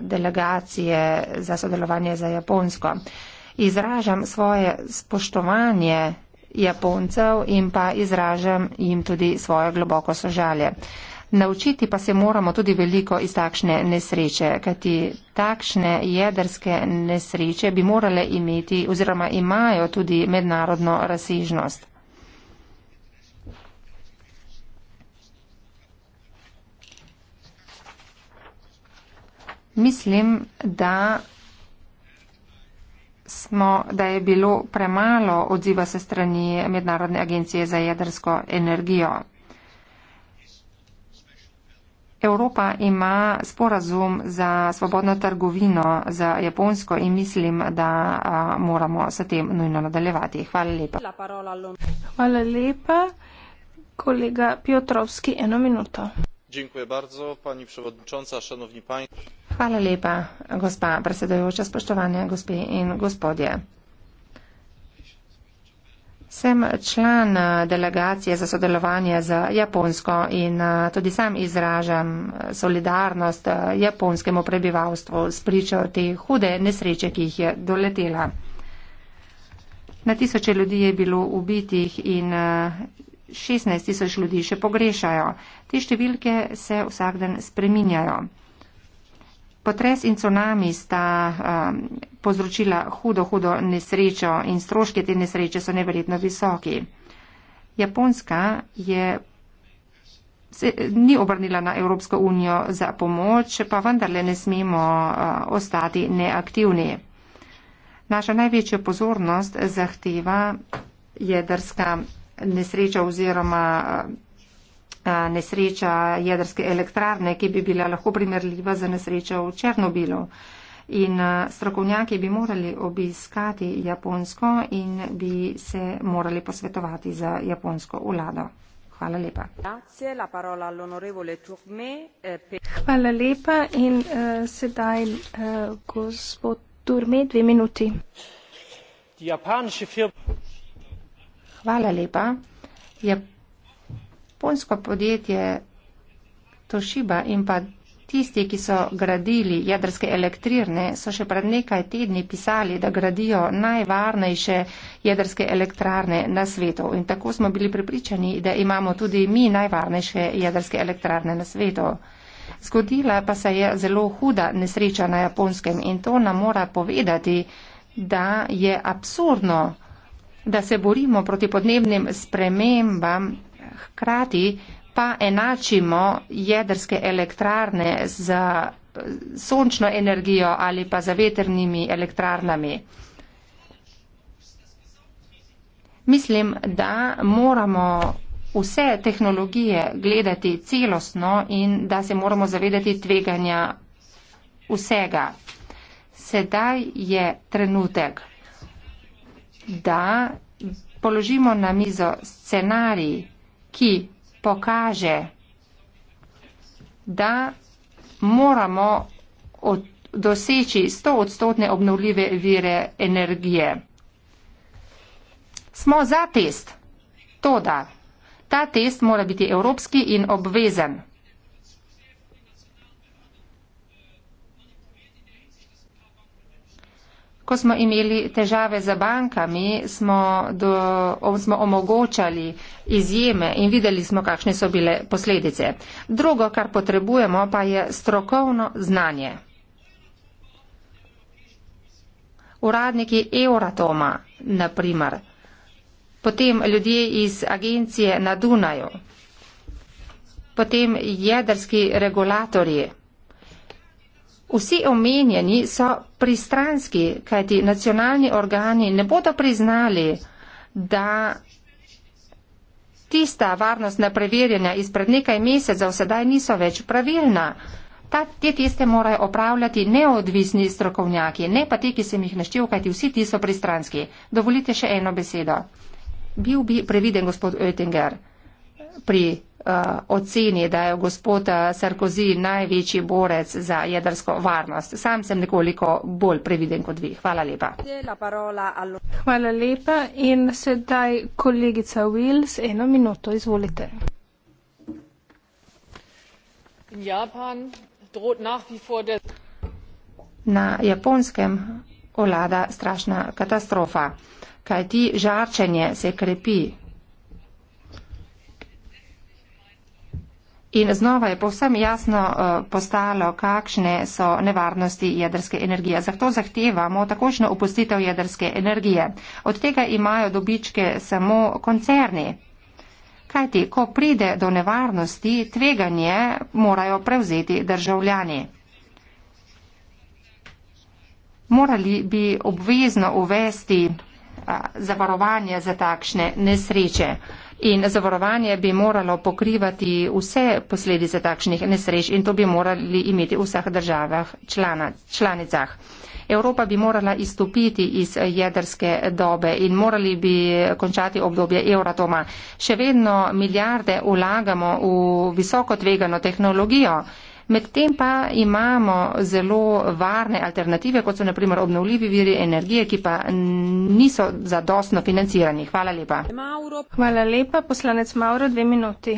delegacije za sodelovanje za Japonsko izražam svoje spoštovanje Japoncev in pa izražam jim tudi svoje globoko sožalje. Naučiti pa se moramo tudi veliko iz takšne nesreče, kajti takšne jedrske nesreče bi morale imeti oziroma imajo tudi mednarodno razsežnost. Mislim, da smo, da je bilo premalo odziva se strani Mednarodne agencije za jedrsko energijo. Evropa ima sporazum za svobodno trgovino za Japonsko in mislim, da a, moramo s tem nujno nadaljevati. Hvala lepa. Hvala lepa. Kolega Piotrovski, eno minuto. Dziękuję bardzo, pani przewodnicząca, szanowni państwo. Hvala lepa, gospa predsedojoča, spoštovanje gospe in gospodje. Sem član eh, delegacije za sodelovanje z Japonsko in eh, tudi sam izražam eh, solidarnost japonskemu prebivalstvu s pričo te hude nesreče, ki jih je doletela. Na tisoče ljudi je bilo ubitih in 16 tisoč ljudi še pogrešajo. Te številke se vsak dan spreminjajo. Potres in tsunami sta um, povzročila hudo, hudo nesrečo in stroške te nesreče so neverjetno visoki. Japonska je, se, ni obrnila na Evropsko unijo za pomoč, pa vendarle ne smemo uh, ostati neaktivni. Naša največja pozornost zahteva jedrska nesreča oziroma. Uh, nesreča jedrske elektrarne, ki bi bila lahko primerljiva z nesrečo v Černobilu. In eh, strokovnjaki bi morali obiskati Japonsko in bi se morali posvetovati za japonsko vlado. Hvala lepa. Eh, Hvala lepa in uh, sedaj uh, gospod Turme, dve minuti. Hvala lepa. Jap japonsko podjetje Toshiba in pa tisti, ki so gradili jedrske elektrirne, so še pred nekaj tedni pisali, da gradijo najvarnejše jedrske elektrarne na svetu. In tako smo bili pripričani, da imamo tudi mi najvarnejše jedrske elektrarne na svetu. Zgodila pa se je zelo huda nesreča na japonskem in to nam mora povedati, da je absurdno, da se borimo proti podnebnim spremembam hkrati pa enačimo jedrske elektrarne z sončno energijo ali pa za veternimi elektrarnami. Mislim, da moramo vse tehnologije gledati celostno in da se moramo zavedati tveganja vsega. Sedaj je trenutek, da položimo na mizo scenarij ki pokaže, da moramo od, doseči 100 odstotne obnovljive vire energije. Smo za test, to da. Ta test mora biti evropski in obvezen. Ko smo imeli težave z bankami, smo, do, smo omogočali izjeme in videli smo, kakšne so bile posledice. Drugo, kar potrebujemo, pa je strokovno znanje. Uradniki Euratoma, naprimer, potem ljudje iz agencije na Dunaju, potem jedrski regulatorji. Vsi omenjeni so pristranski, kajti nacionalni organi ne bodo priznali, da tista varnostna preverjanja izpred nekaj mesecev sedaj niso več pravilna. Ta, te teste morajo opravljati neodvisni strokovnjaki, ne pa ti, ki sem jih naštel, kajti vsi ti so pristranski. Dovolite še eno besedo. Bil bi previden gospod Oettinger pri Eh, oceni, da je gospod eh, Sarkozy največji borec za jedrsko varnost. Sam sem nekoliko bolj previden kot vi. Hvala lepa. Hvala lepa in sedaj kolegica Wills, eno minuto, izvolite. Japan, Na japonskem olada strašna katastrofa, kajti žarčenje se krepi. In znova je povsem jasno eh, postalo, kakšne so nevarnosti jedrske energije. Zato zahtevamo takošno opustitev jedrske energije. Od tega imajo dobičke samo koncerni. Kajti, ko pride do nevarnosti, tveganje morajo prevzeti državljani. Morali bi obvezno uvesti eh, zavarovanje za takšne nesreče in zavarovanje bi moralo pokrivati vse posledice takšnih nesreč in to bi morali imeti v vseh državah člana, članicah. Evropa bi morala izstopiti iz jedrske dobe in morali bi končati obdobje Euratoma. Še vedno milijarde ulagamo v visoko tvegano tehnologijo. Medtem pa imamo zelo varne alternative, kot so naprimer obnovljivi viri energije, ki pa niso zadostno financirani. Hvala lepa. Hvala lepa, poslanec Mauro, dve minuti.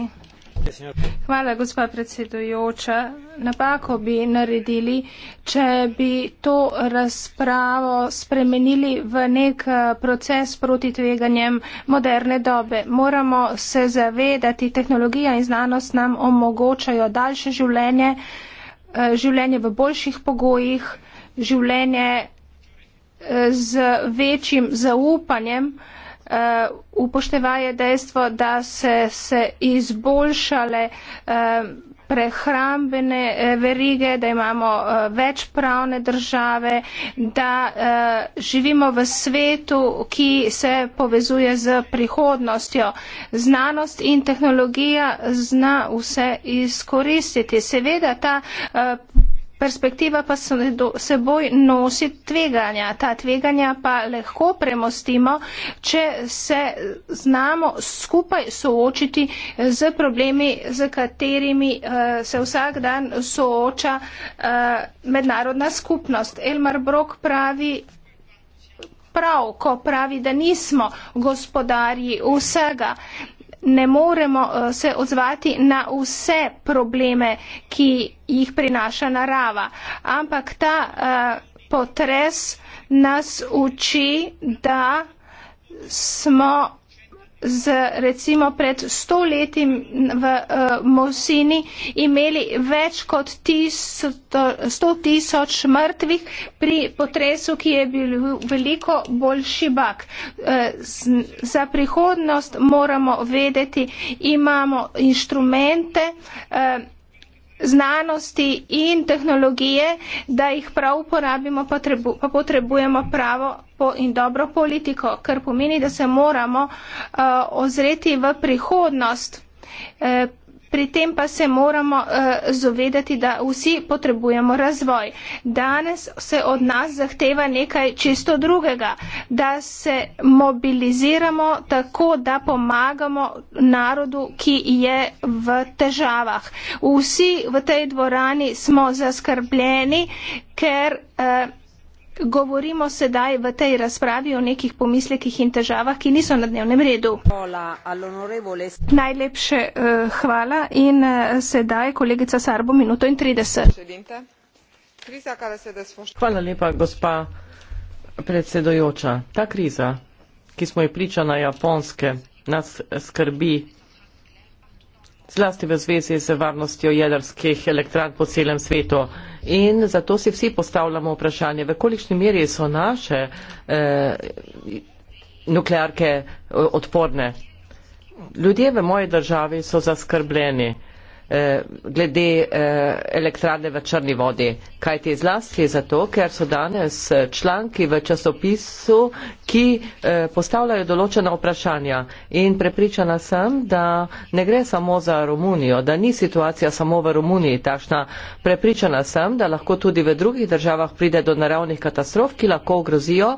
Hvala, gospa predsedujoča. Napako bi naredili, če bi to razpravo spremenili v nek eh, proces proti tveganjem moderne dobe. Moramo se zavedati, tehnologija in znanost nam omogočajo daljše življenje, eh, življenje v boljših pogojih, življenje eh, z večjim zaupanjem uh, upoštevaje dejstvo, da se, se izboljšale uh, prehrambene uh, verige, da imamo uh, več pravne države, da uh, živimo v svetu, ki se povezuje z prihodnostjo. Znanost in tehnologija zna vse izkoristiti. Seveda ta perspektiva pa se do, seboj nosi tveganja. Ta tveganja pa lahko premostimo, če se znamo skupaj soočiti z problemi, z katerimi uh, se vsak dan sooča uh, mednarodna skupnost. Elmar Brok pravi. Prav, ko pravi, da nismo gospodarji vsega ne moremo eh, se odzvati na vse probleme, ki jih prinaša narava. Ampak ta eh, potres nas uči, da smo z recimo pred sto leti v uh, Mosini imeli več kot tisto, sto tisoč mrtvih pri potresu, ki je bil veliko bolj šibak. Uh, eh, z, za prihodnost moramo vedeti, imamo inštrumente, uh, znanosti in tehnologije, da jih prav uporabimo, pa potrebujemo pravo lepo in dobro politiko, kar pomeni, da se moramo uh, ozreti v prihodnost. Uh, Pri tem pa se moramo uh, zavedati, da vsi potrebujemo razvoj. Danes se od nas zahteva nekaj čisto drugega, da se mobiliziramo tako, da pomagamo narodu, ki je v težavah. Vsi v tej dvorani smo zaskrbljeni, ker. Uh, Govorimo sedaj v tej razpravi o nekih pomislekih in težavah, ki niso na dnevnem redu. Najlepše uh, hvala in uh, sedaj kolegica Sarbo, minuto in 30. Hvala lepa, gospa predsedojoča. Ta kriza, ki smo jo priča na japonske, nas skrbi zlasti v zvezi z varnostjo jedrskih elektrarn po celem svetu. In zato si vsi postavljamo vprašanje, v kolikšni meri so naše eh, nuklearke eh, odporne. Ljudje v moji državi so zaskrbljeni. Eh, glede eh, elektrane v črni vodi. Kaj ti zlasti zato, ker so danes eh, članki v časopisu, ki postavljajo določena vprašanja. In prepričana sem, da ne gre samo za Romunijo, da ni situacija samo v Romuniji takšna. Prepričana sem, da lahko tudi v drugih državah pride do naravnih katastrof, ki lahko ogrozijo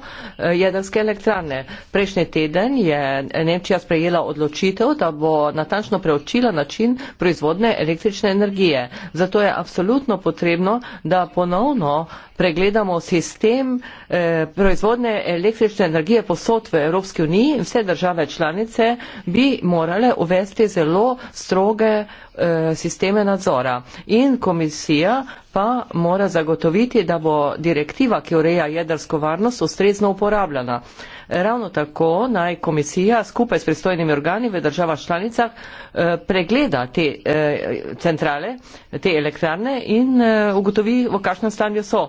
jedrske elektrane. Prejšnji teden je Nemčija sprejela odločitev, da bo natančno preočila način proizvodne električne energije. Zato je absolutno potrebno, da ponovno pregledamo sistem eh, proizvodne električne energije posod v Evropski uniji in vse države članice bi morale uvesti zelo stroge eh, sisteme nadzora. In komisija pa mora zagotoviti, da bo direktiva, ki ureja jedrsko varnost, ustrezno uporabljena. Ravno tako naj komisija skupaj s pristojnimi organi v državah članicah eh, pregleda te eh, centrale, te elektrarne in eh, ugotovi, v kakšnem stanju so.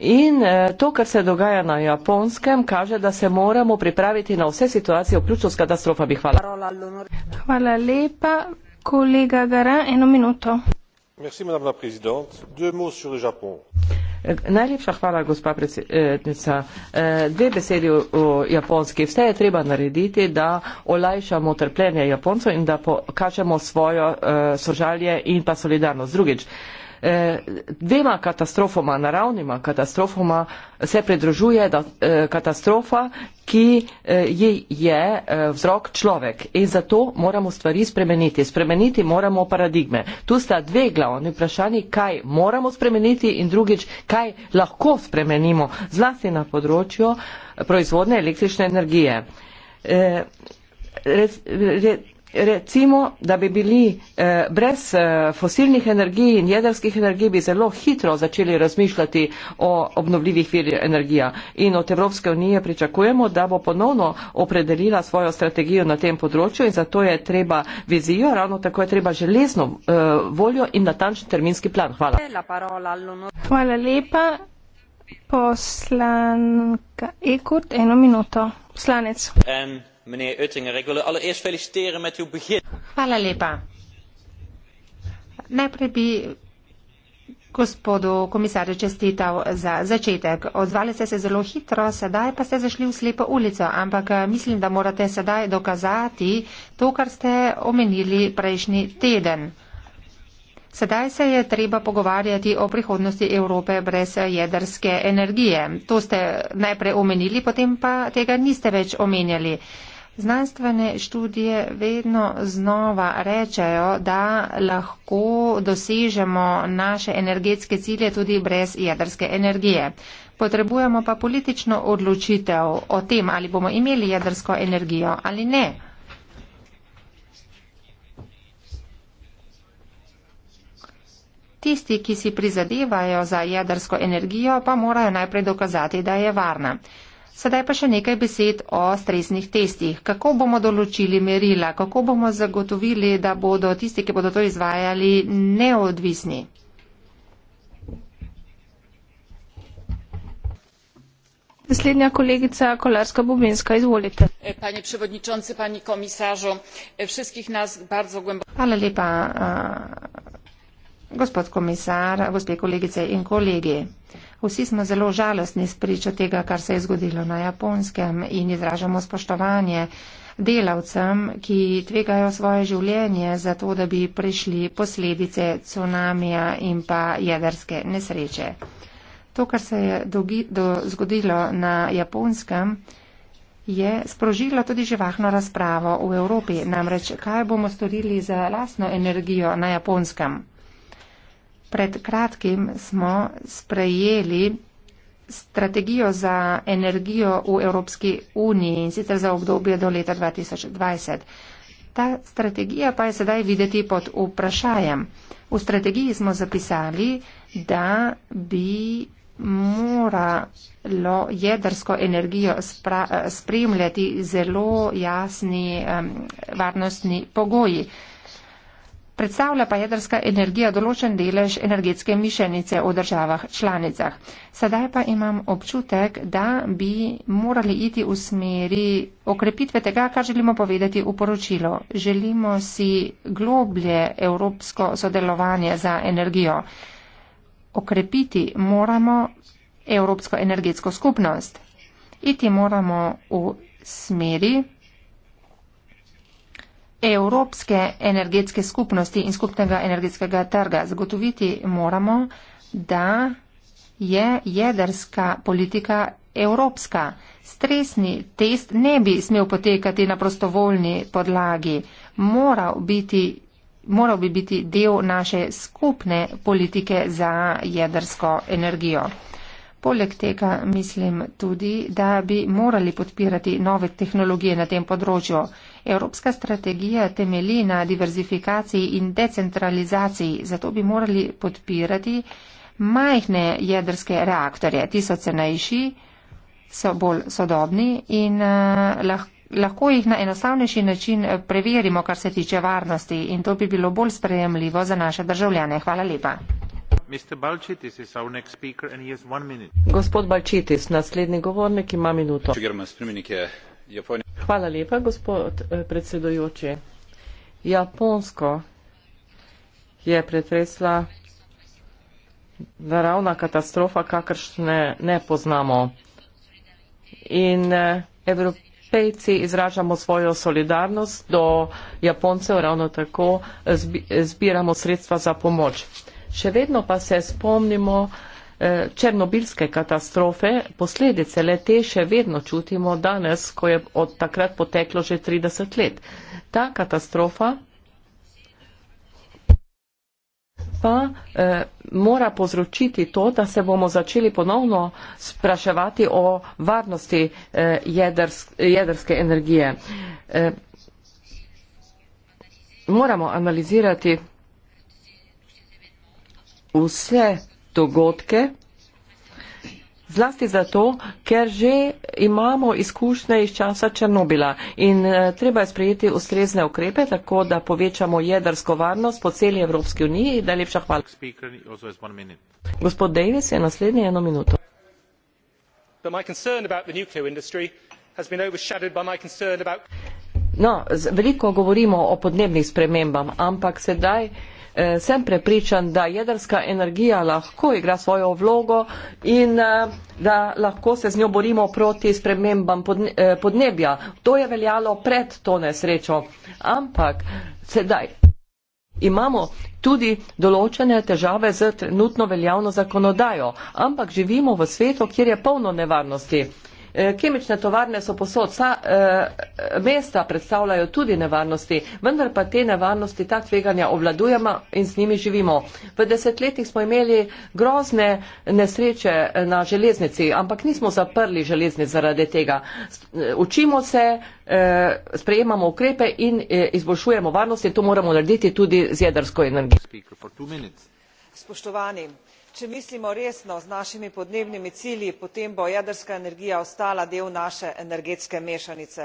In to, kar se dogaja na Japonskem, kaže, da se moramo pripraviti na vse situacije, vključno s katastrofami. Hvala. Hvala lepa, kolega Gara, eno minuto. Merci, madame la présidente. Deux mots sur le Japon. Najlepša hvala, gospa predsednica. E, dve besedi o japonski. Vse je treba narediti, da olajšamo trpljenje Japoncev in da pokažemo svojo e, sožalje in pa solidarnost. Drugič, e, dvema katastrofoma, naravnima katastrofoma se pridružuje katastrofa, ki eh, je, je eh, vzrok človek. In zato moramo stvari spremeniti. Spremeniti moramo paradigme. Tu sta dve glavni vprašanji, kaj moramo spremeniti in drugič, kaj lahko spremenimo, zlasti na področju eh, proizvodne električne energije. E, res, res, Recimo, da bi bili eh, brez eh, fosilnih energij in jedrskih energij, bi zelo hitro začeli razmišljati o obnovljivih virih energija. In od Evropske unije pričakujemo, da bo ponovno opredelila svojo strategijo na tem področju in zato je treba vizijo, ravno tako je treba železno eh, voljo in natančen terminski plan. Hvala. Hvala lepa. Poslanka Ekut, eno minuto. Poslanec. Um, mijnheer oettinger ik wil u allereerst feliciteren met uw begin. Najprej bi gospodu komisarju čestital za začetek. Odzvali ste se zelo hitro, sedaj pa ste zašli v slepo ulico, ampak eh, mislim, da morate sedaj dokazati to, kar ste omenili prejšnji teden. Sedaj se je treba pogovarjati o prihodnosti Evrope brez jedrske energije. To ste najprej omenili, potem pa tega niste več omenjali. Znanstvene študije vedno znova rečejo, da lahko dosežemo naše energetske cilje tudi brez jedrske energije. Potrebujemo pa politično odločitev o tem, ali bomo imeli jedrsko energijo ali ne. Tisti, ki si prizadevajo za jedrsko energijo, pa morajo najprej dokazati, da je varna. Sedaj pa še nekaj besed o stresnih testih. Kako bomo določili merila, kako bomo zagotovili, da bodo tisti, ki bodo to izvajali, neodvisni? Naslednja kolegica Kolarska Bubinska, izvolite. Pani predsednica, pani komisarzu, vseh nas zelo globoko. Hvala lepa, a, gospod komisar, gospe kolegice in kolegi. Vsi smo zelo žalostni spričo tega, kar se je zgodilo na japonskem in izražamo spoštovanje delavcem, ki tvegajo svoje življenje za to, da bi prišli posledice cunamija in pa jedrske nesreče. To, kar se je zgodilo na japonskem, je sprožilo tudi živahno razpravo v Evropi, namreč kaj bomo storili za lasno energijo na japonskem. Pred kratkim smo sprejeli strategijo za energijo v Evropski uniji in sicer za obdobje do leta 2020. Ta strategija pa je sedaj videti pod vprašajem. V strategiji smo zapisali, da bi moralo jedrsko energijo spremljati zelo jasni um, varnostni pogoji predstavlja pa jedrska energija določen delež energetske mišljenice v državah članicah. Sedaj pa imam občutek, da bi morali iti v smeri okrepitve tega, kar želimo povedati v poročilu. Želimo si globlje evropsko sodelovanje za energijo. Okrepiti moramo evropsko energetsko skupnost. Iti moramo v smeri Evropske energetske skupnosti in skupnega energetskega trga. Zagotoviti moramo, da je jedrska politika evropska. Stresni test ne bi smel potekati na prostovoljni podlagi. Moral, biti, moral bi biti del naše skupne politike za jedrsko energijo. Poleg tega mislim tudi, da bi morali podpirati nove tehnologije na tem področju. Evropska strategija temelji na diverzifikaciji in decentralizaciji, zato bi morali podpirati majhne jedrske reaktorje. Ti so cenejši, so bolj sodobni in eh, lahko jih na enostavnejši način eh, preverimo, kar se tiče varnosti in to bi bilo bolj sprejemljivo za naše državljane. Hvala lepa. Gospod Balčitis, naslednji govornik ima minuto. Japonija. Hvala lepa, gospod eh, predsedojoče. Japonsko je pretresla naravna katastrofa, kakršne ne poznamo. In eh, evropejci izražamo svojo solidarnost do Japoncev, ravno tako eh, zbiramo sredstva za pomoč. Še vedno pa se spomnimo, Eh, Černobilske katastrofe, posledice le te še vedno čutimo danes, ko je od takrat poteklo že 30 let. Ta katastrofa pa eh, mora povzročiti to, da se bomo začeli ponovno spraševati o varnosti eh, jedrsk, jedrske energije. Eh, moramo analizirati vse dogodke, zlasti zato, ker že imamo izkušnje iz časa Černobila in eh, treba je sprejeti ustrezne ukrepe, tako da povečamo jedrsko varnost po celi Evropski uniji. Najlepša hvala. Gospod Davis je naslednji eno minuto. No, veliko govorimo o podnebnih spremembah, ampak sedaj. Eh, sem prepričan, da jedrska energija lahko igra svojo vlogo in eh, da lahko se z njo borimo proti spremembam eh, podnebja. To je veljalo pred to nesrečo. Ampak sedaj imamo tudi določene težave z trenutno veljavno zakonodajo, ampak živimo v svetu, kjer je polno nevarnosti. Eh, kemične tovarne so posod, vsa eh, mesta predstavljajo tudi nevarnosti, vendar pa te nevarnosti, ta tveganja obladujemo in z njimi živimo. V desetletjih smo imeli grozne nesreče eh, na železnici, ampak nismo zaprli železnic zaradi tega. Učimo se, sprejemamo ukrepe in izboljšujemo varnost in to moramo narediti tudi z jedrsko energijo. Spoštovani če mislimo resno z našimi podnebnimi cilji potem bo jedrska energija ostala del naše energetske mešanice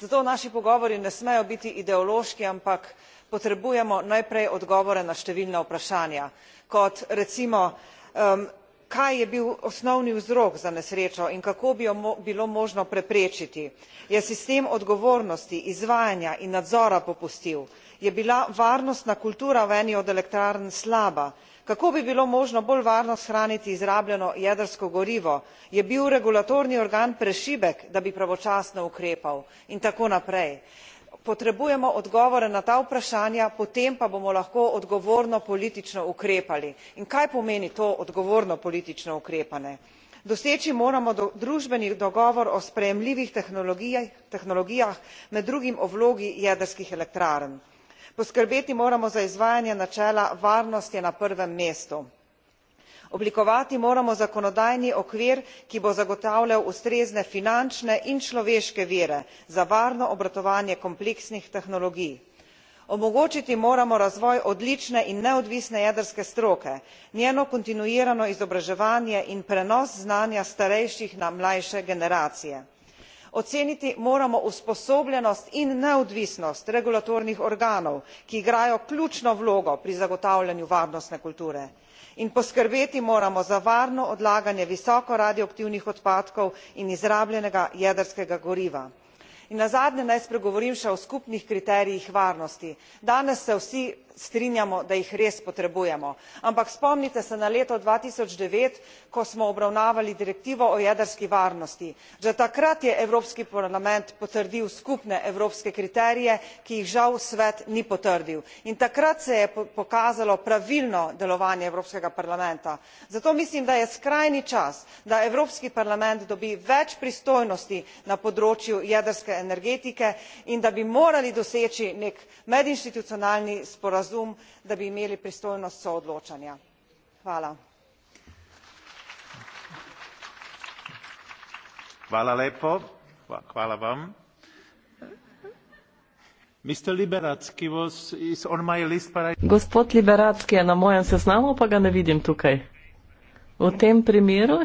zato naši pogovori ne smejo biti ideološki ampak potrebujemo najprej odgovore na številna vprašanja kot recimo kaj je bil osnovni vzrok za nesrečo in kako bi jo bilo možno preprečiti je sistem odgovornosti izvajanja in nadzora popustil je bila varnostna kultura v eni od elektrarn slaba kako bi bilo možno bolj varno shraniti izrabljeno jedrsko gorivo je bil regulatorni organ prešibek da bi pravočasno ukrepal in tako naprej. potrebujemo odgovore na ta vprašanja potem pa bomo lahko odgovorno politično ukrepali in kaj pomeni to odgovorno politično ukrepanje? doseči moramo družbeni dogovor o sprejemljivih tehnologijah med drugim o vlogi jedrskih elektrarn poskrbeti moramo za izvajanje načela varnost je na prvem mestu oblikovati moramo zakonodajni okvir ki bo zagotavljal ustrezne finančne in človeške vire za varno obratovanje kompleksnih tehnologij omogočiti moramo razvoj odlične in neodvisne jedrske stroke njeno kontinuirano izobraževanje in prenos znanja starejših na mlajše generacije oceniti moramo usposobljenost in neodvisnost regulatornih organov ki igrajo ključno vlogo pri zagotavljanju varnostne kulture in poskrbeti moramo za varno odlaganje visoko radioaktivnih odpadkov in izrabljenega jedrskega goriva. in nazadnje naj spregovorim še o skupnih kriterijih varnosti. danes se vsi strinjamo da jih res potrebujemo ampak spomnite se na leto dva tisoč devet ko smo obravnavali direktivo o jedrski varnosti že takrat je evropski parlament potrdil skupne evropske kriterije ki jih žal svet ni potrdil in takrat se je pokazalo pravilno delovanje evropskega parlamenta zato mislim da je skrajni čas da evropski parlament dobi več pristojnosti na področju jedrske energetike in da bi morali doseči nek medinstitucionalni sporazum sporazum da bi imeli pristojnost soodločanja. gospod liberadski je na mojem seznamu pa ga ne vidim tukaj. v tem primeru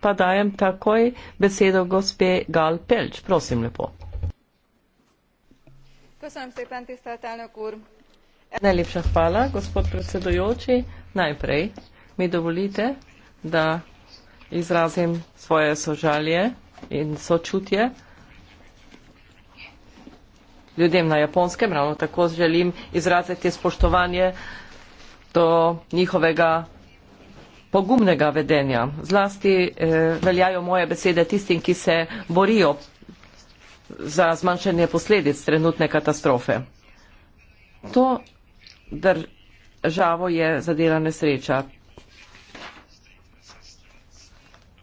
pa dajem takoj besedo gospe gal pelcz prosim lepo. Najlepša hvala, gospod predsedujoči. Najprej mi dovolite, da izrazim svoje sožalje in sočutje ljudem na japonskem. Ravno tako želim izraziti spoštovanje do njihovega pogumnega vedenja. Zlasti eh, veljajo moje besede tistim, ki se borijo za zmanjšanje posledic trenutne katastrofe. To državo je zadela nesreča.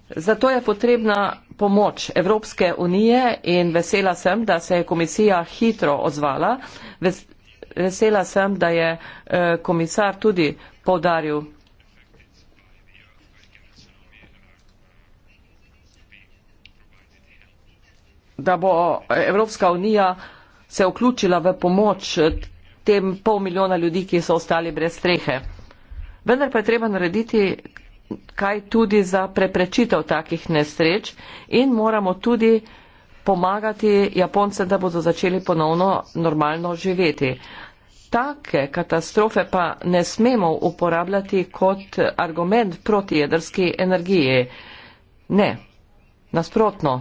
Zato je potrebna pomoč Evropske unije in vesela sem, da se je komisija hitro odzvala. Vesela sem, da je eh, komisar tudi povdaril. da bo Evropska unija se vključila v pomoč tem pol milijona ljudi, ki so ostali brez strehe. Vendar pa je treba narediti kaj tudi za preprečitev takih nesreč in moramo tudi pomagati Japoncem, da bodo začeli ponovno normalno živeti. Take katastrofe pa ne smemo uporabljati kot argument proti jedrski energiji. Ne, nasprotno.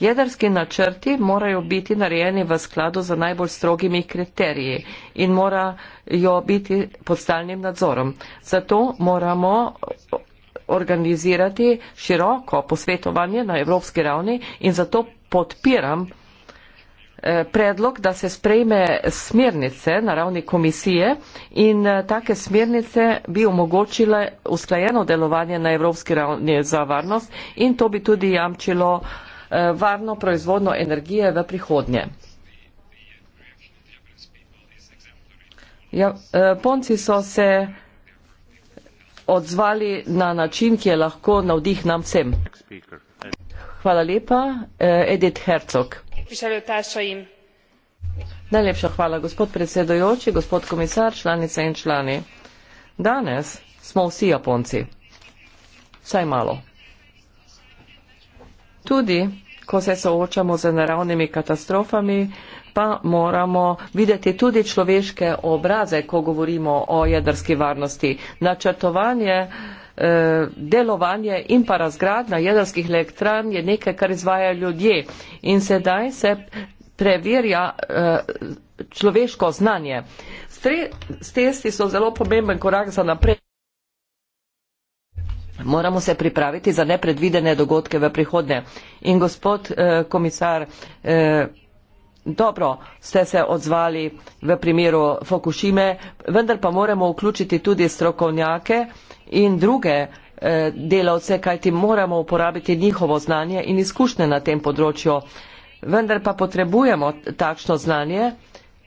Jedrski načrti morajo biti narejeni v skladu z najbolj strogimi kriteriji in morajo biti pod stalnim nadzorom. Zato moramo organizirati široko posvetovanje na evropski ravni in zato podpiram eh, predlog, da se sprejme smernice na ravni komisije in eh, take smernice bi omogočile usklajeno delovanje na evropski ravni za varnost in to bi tudi jamčilo uh, Eh, varno proizvodno energije v prihodnje. Japonci eh, so se odzvali na način, ki je lahko navdih nam vsem. Hvala lepa, eh, Edith Herzog. Najlepša hvala, gospod predsedojoči, gospod komisar, članice in člani. Danes smo vsi Japonci. Vsaj malo. Tudi, ko se soočamo z naravnimi katastrofami, pa moramo videti tudi človeške obraze, ko govorimo o jedrski varnosti. Načrtovanje, eh, delovanje in pa razgradna jedrskih elektran je nekaj, kar izvajajo ljudje. In sedaj se preverja eh, človeško znanje. Stresi so zelo pomemben korak za napredek. Moramo se pripraviti za nepredvidene dogodke v prihodnje. In gospod eh, komisar, eh, dobro ste se odzvali v primeru Fukushime, vendar pa moramo vključiti tudi strokovnjake in druge eh, delavce, kajti moramo uporabiti njihovo znanje in izkušnje na tem področju. Vendar pa potrebujemo takšno znanje,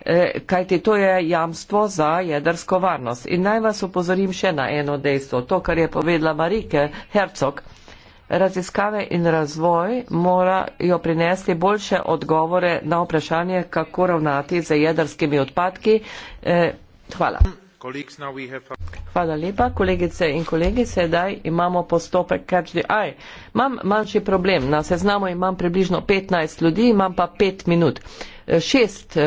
E, kajti to je jamstvo za jedrsko varnost. In naj vas upozorim še na eno dejstvo, to, kar je povedala Marike Hercog. Raziskave in razvoj morajo prinesti boljše odgovore na vprašanje, kako ravnati z jedrskimi odpadki. Eh, hvala. Hvala lepa, kolegice in kolegi. Sedaj imamo postopek catch the eye. Imam manjši problem. Na seznamu imam približno 15 ljudi, imam pa 5 minut. Šest uh,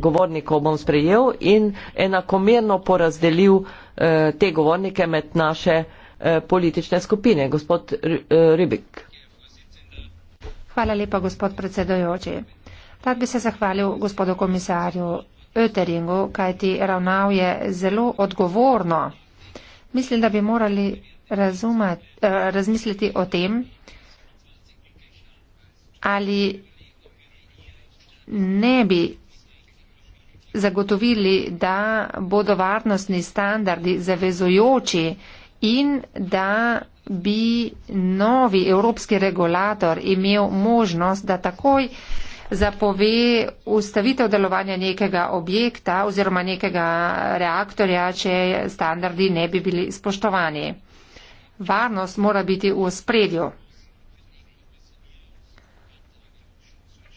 govornikov bom sprejel in enakomerno porazdelil uh, te govornike med naše uh, politične skupine. Gospod Ribik. Hvala lepa, gospod predsedojoči. Rad bi se zahvalil gospodu komisarju Ötteringu, kajti ravnal je zelo odgovorno. Mislim, da bi morali razumet, eh, razmisliti o tem, ali ne bi zagotovili, da bodo varnostni standardi zavezujoči in da bi novi evropski regulator imel možnost, da takoj zapove ustavitev delovanja nekega objekta oziroma nekega reaktorja, če standardi ne bi bili spoštovani. Varnost mora biti v spredju.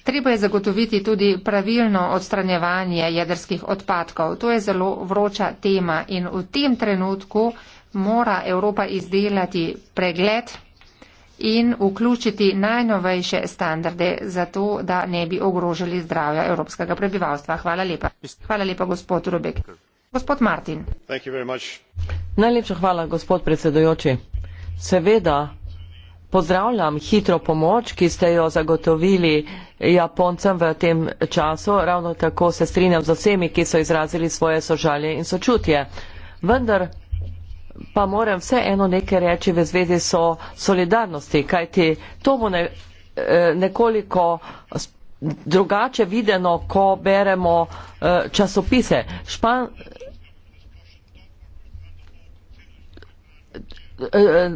Treba je zagotoviti tudi pravilno odstranjevanje jedrskih odpadkov. To je zelo vroča tema in v tem trenutku mora Evropa izdelati pregled in vključiti najnovejše standarde za to, da ne bi ogrožali zdravja evropskega prebivalstva. Hvala lepa. Hvala lepa, gospod Rubek. Gospod Martin. Najlepša hvala, gospod predsedojoči. Seveda pozdravljam hitro pomoč, ki ste jo zagotovili Japoncem v tem času. Ravno tako se strinjam z vsemi, ki so izrazili svoje sožalje in sočutje. Vendar pa moram vseeno nekaj reči v zvezi so solidarnosti, kajti to bo ne, eh, nekoliko drugače videno, ko beremo eh, časopise. Špan, Eh, eh,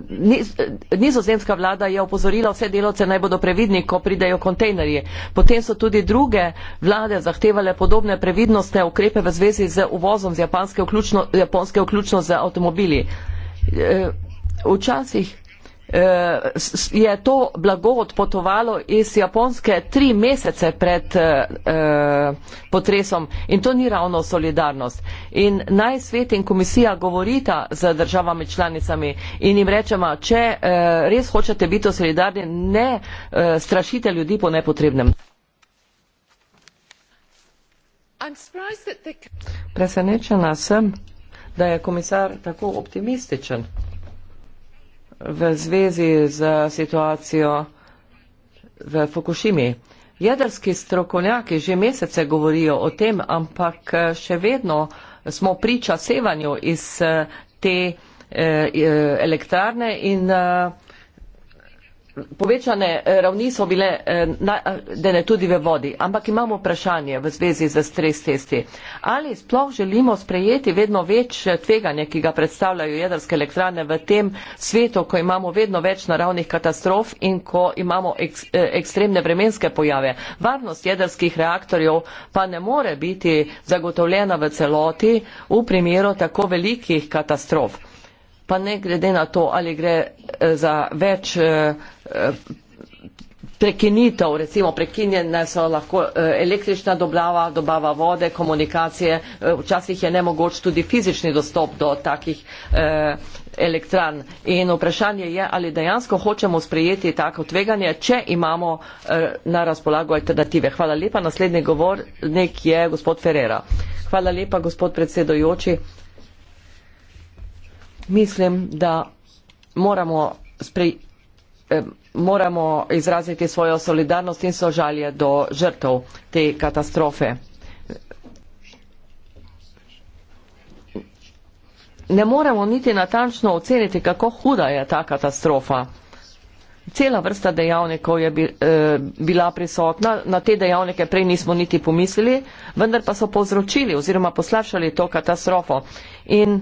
eh, nizozemska vlada je opozorila vse delavce, naj bodo previdni, ko pridejo kontejnerji. Potem so tudi druge vlade zahtevale podobne previdnostne ukrepe v zvezi z uvozom z japonske vključno, japonske vključno z avtomobili. Včasih Eh, je to blago odpotovalo iz Japonske tri mesece pred eh, eh, potresom in to ni ravno solidarnost. In naj svet in komisija govorita z državami članicami in jim rečemo, če eh, res hočete biti solidarni, ne eh, strašite ljudi po nepotrebnem. Presenečena sem, da je komisar tako optimističen v zvezi z situacijo v Fukushimi. Jedrski strokovnjaki že mesece govorijo o tem, ampak še vedno smo priča sevanju iz eh, te eh, e, elektrarne in eh, Povečane eh, ravni so bile, eh, da ne tudi v vodi, ampak imamo vprašanje v zvezi z stres testi. Ali sploh želimo sprejeti vedno več eh, tveganja, ki ga predstavljajo jedrske elektrane v tem svetu, ko imamo vedno več naravnih katastrof in ko imamo ek, ekstremne vremenske pojave. Varnost jedrskih reaktorjev pa ne more biti zagotovljena v celoti v primeru tako velikih katastrof pa ne glede na to, ali gre eh, za več eh, eh, prekinitev, recimo prekinjene so lahko električna dobava, dobava vode, komunikacije, včasih je nemogoč tudi fizični dostop do takih elektran. In vprašanje je, ali dejansko hočemo sprejeti tako tveganje, če imamo na razpolago alternative. Hvala lepa. Naslednji govornik je gospod Ferrera. Hvala lepa, gospod predsedojoči mislim, da moramo, sprej, eh, moramo izraziti svojo solidarnost in sožalje do žrtev te katastrofe. Ne moremo niti natančno oceniti, kako huda je ta katastrofa. Cela vrsta dejavnikov je eh, bila prisotna, na te dejavnike prej nismo niti pomislili, vendar pa so povzročili oziroma poslašali to katastrofo. In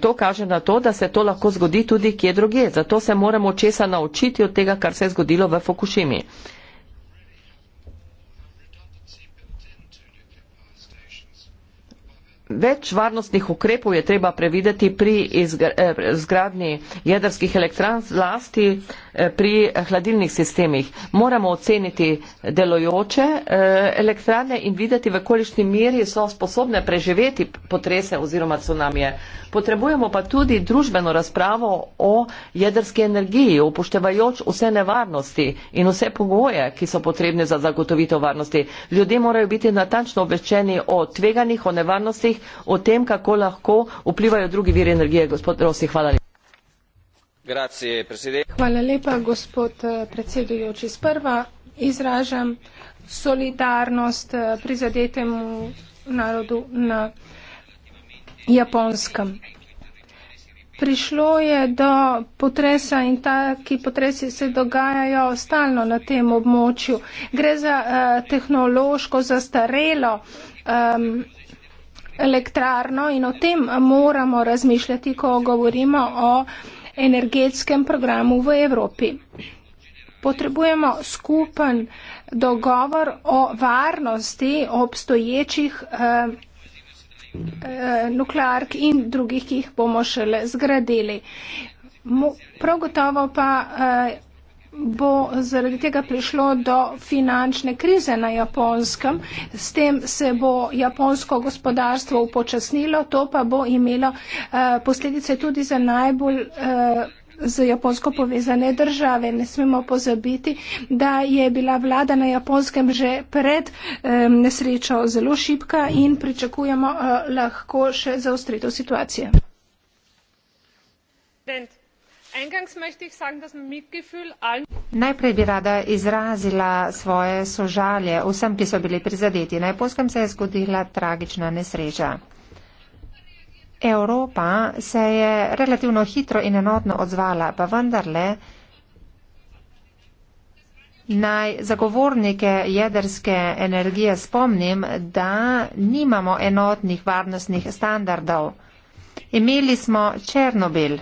To kaže na to, da se to lahko zgodi tudi kje druge. Zato se moramo česa naučiti od tega, kar se je zgodilo v Fukushimi. Več varnostnih ukrepov je treba prevideti pri eh, zgradni jedrskih elektran, zlasti eh, pri hladilnih sistemih. Moramo oceniti delojoče eh, elektrane in videti, v kolišni meri so sposobne preživeti potrese oziroma tsunamije. Potrebujemo pa tudi družbeno razpravo o jedrski energiji, upoštevajoč vse nevarnosti in vse pogoje, ki so potrebne za zagotovitev varnosti. Ljudje morajo biti natančno obveščeni o tveganih, o nevarnostih, virih, o tem, kako lahko vplivajo drugi viri energije. Gospod Rosi, hvala lepa. Grazie, hvala lepa, gospod eh, predsedujoči. Sprva izražam solidarnost eh, prizadetemu narodu na Japonskem. Prišlo je do potresa in taki potresi se dogajajo stalno na tem območju. Gre za uh, tehnološko zastarelo um, elektrarno in o tem moramo razmišljati, ko govorimo o energetskem programu v Evropi. Potrebujemo skupen dogovor o varnosti obstoječih eh, eh, nuklearnih in drugih, ki jih bomo šele zgradili. Prav gotovo pa eh, bo zaradi tega prišlo do finančne krize na japonskem. S tem se bo japonsko gospodarstvo upočasnilo, to pa bo imelo uh, posledice tudi za najbolj. Uh, eh, z Japonsko povezane države. Ne smemo pozabiti, da je bila vlada na Japonskem že pred eh, nesrečo zelo šipka in pričakujemo eh, lahko še zaostritev situacije. Dent. Najprej bi rada izrazila svoje sožalje vsem, ki so bili prizadeti. Na Japonskem se je zgodila tragična nesreča. Evropa se je relativno hitro in enotno odzvala, pa vendarle naj zagovornike jedrske energije spomnim, da nimamo enotnih varnostnih standardov. Imeli smo Černobil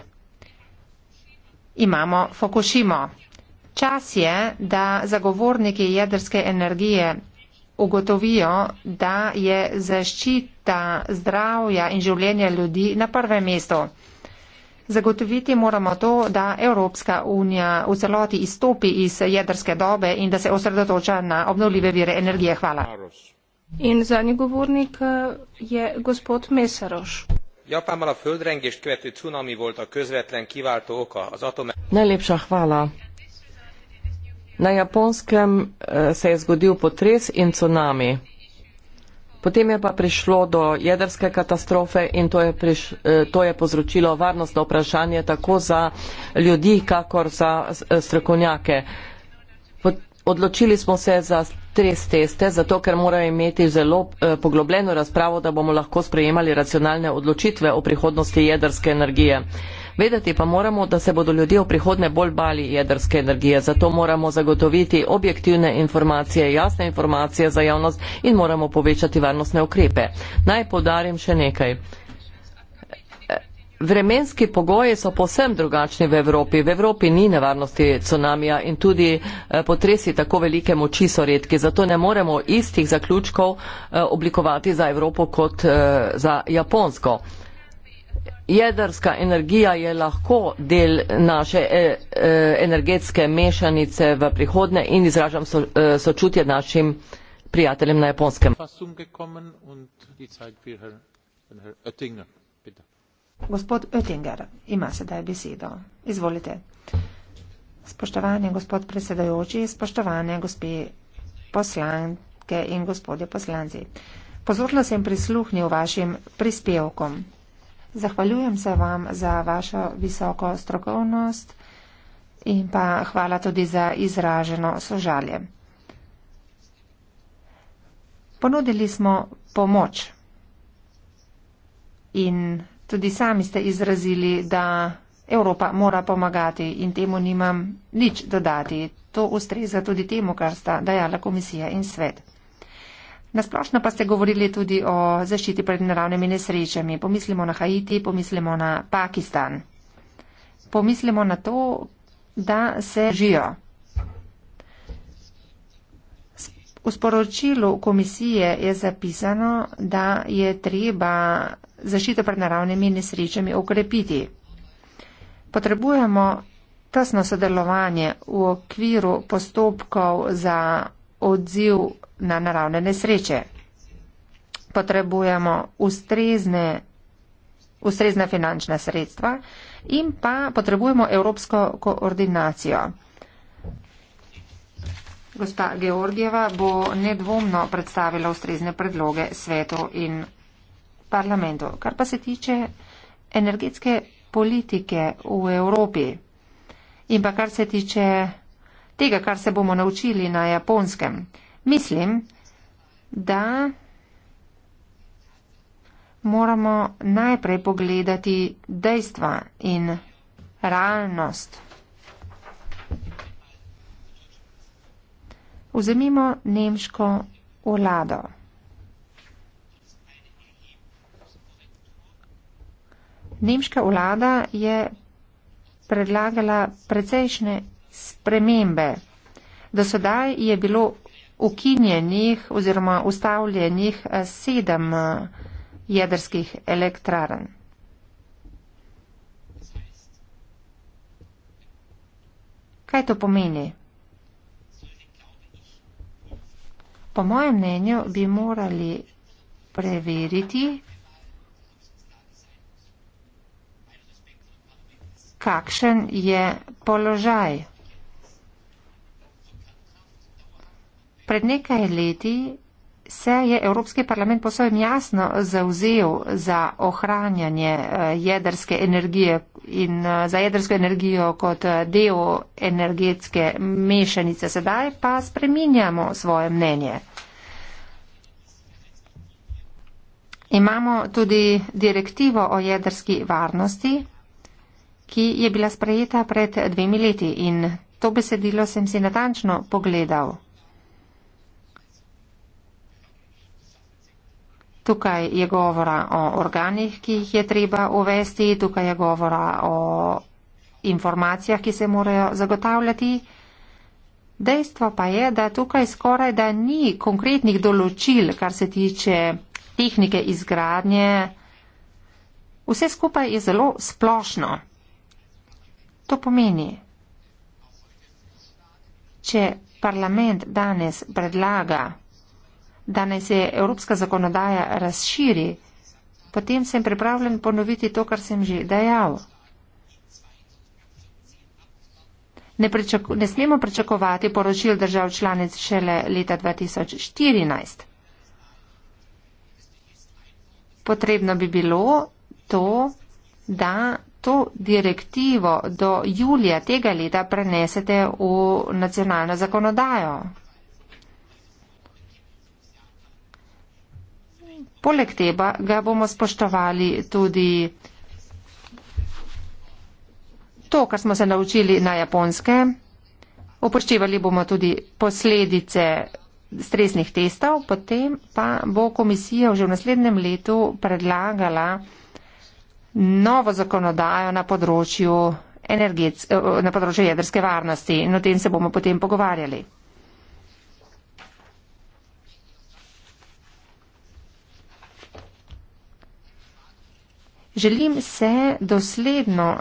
imamo Fukushimo. Čas je, da zagovorniki jedrske energije ugotovijo, da je zaščita zdravja in življenja ljudi na prvem mestu. Zagotoviti moramo to, da Evropska unija v celoti izstopi iz jedrske dobe in da se osredotoča na obnovljive vire energije. Hvala. In zadnji govornik eh, je gospod Meseroš japánban a földrengést követő cunami volt a közvetlen kiváltó oka az atom. Najlepša hvala. Na japonskem eh, se je zgodil potres in cunami. Potem je pa prišlo do jedrske katastrofe in to je, priš, eh, to je povzročilo varnostno vprašanje tako za ljudi, kakor za eh, strokovnjake. Odločili smo se za stres teste, zato ker morajo imeti zelo eh, poglobljeno razpravo, da bomo lahko sprejemali racionalne odločitve o prihodnosti jedrske energije. Vedeti pa moramo, da se bodo ljudje v prihodnje bolj bali jedrske energije, zato moramo zagotoviti objektivne informacije, jasne informacije za javnost in moramo povečati varnostne ukrepe. Naj podarim še nekaj. Vremenski pogoji so povsem drugačni v Evropi. V Evropi ni nevarnosti cunamija in tudi eh, potresi tako velike moči so redki. Zato ne moremo istih zaključkov eh, oblikovati za Evropo kot eh, za Japonsko. Jedrska energija je lahko del naše energetske mešanice v prihodne in izražam sočutje našim prijateljem na Japonskem. Gospod Oettinger ima sedaj besedo. Izvolite. Spoštovani gospod predsedajoči, spoštovane gospe poslanke in gospodje poslanci. Pozorno sem prisluhnil vašim prispevkom. Zahvaljujem se vam za vašo visoko strokovnost in pa hvala tudi za izraženo sožalje. Ponudili smo pomoč in Tudi sami ste izrazili, da Evropa mora pomagati in temu nimam nič dodati. To ustreza tudi temu, kar sta dajala komisija in svet. Nasplošno pa ste govorili tudi o zaščiti pred naravnimi nesrečami. Pomislimo na Haiti, pomislimo na Pakistan. Pomislimo na to, da se žijo. V sporočilu komisije je zapisano, da je treba zaščito pred naravnimi nesrečami ukrepiti. Potrebujemo tesno sodelovanje v okviru postopkov za odziv na naravne nesreče. Potrebujemo ustrezne, ustrezna finančna sredstva in pa potrebujemo evropsko koordinacijo. Gospa Georgijeva bo nedvomno predstavila ustrezne predloge svetu in parlamentu. Kar pa se tiče energetske politike v Evropi in pa kar se tiče tega, kar se bomo naučili na japonskem, mislim, da moramo najprej pogledati dejstva in realnost. Vzemimo nemško vlado. Nemška vlada je predlagala precejšnje spremembe. Do sedaj je bilo ukinjenih oziroma ustavljenih eh, sedem eh, jedrskih elektraren. Kaj to pomeni? Po mojem mnenju bi morali preveriti, kakšen je položaj. Pred nekaj leti se je Evropski parlament posebej jasno zauzel za ohranjanje eh, jedrske energije in eh, za jedrsko energijo kot eh, del energetske mešanice. Sedaj pa spreminjamo svoje mnenje. Imamo tudi direktivo o jedrski varnosti, ki je bila sprejeta pred dvemi leti in to besedilo sem si natančno pogledal. Tukaj je govora o organih, ki jih je treba uvesti, tukaj je govora o informacijah, ki se morajo zagotavljati. Dejstvo pa je, da tukaj skoraj da ni konkretnih določil, kar se tiče tehnike izgradnje. Vse skupaj je zelo splošno. To pomeni, če parlament danes predlaga da naj se evropska zakonodaja razširi, potem sem pripravljen ponoviti to, kar sem že dejal. Ne, pričako, ne smemo pričakovati poročil držav članic šele leta 2014. Potrebno bi bilo to, da to direktivo do julija tega leta prenesete v nacionalno zakonodajo. Poleg tega ga bomo spoštovali tudi to, kar smo se naučili na japonske. Upoštevali bomo tudi posledice stresnih testov, potem pa bo komisija že v naslednjem letu predlagala novo zakonodajo na področju, energetske, eh, na področju jedrske varnosti in o tem se bomo potem pogovarjali. Želim se dosledno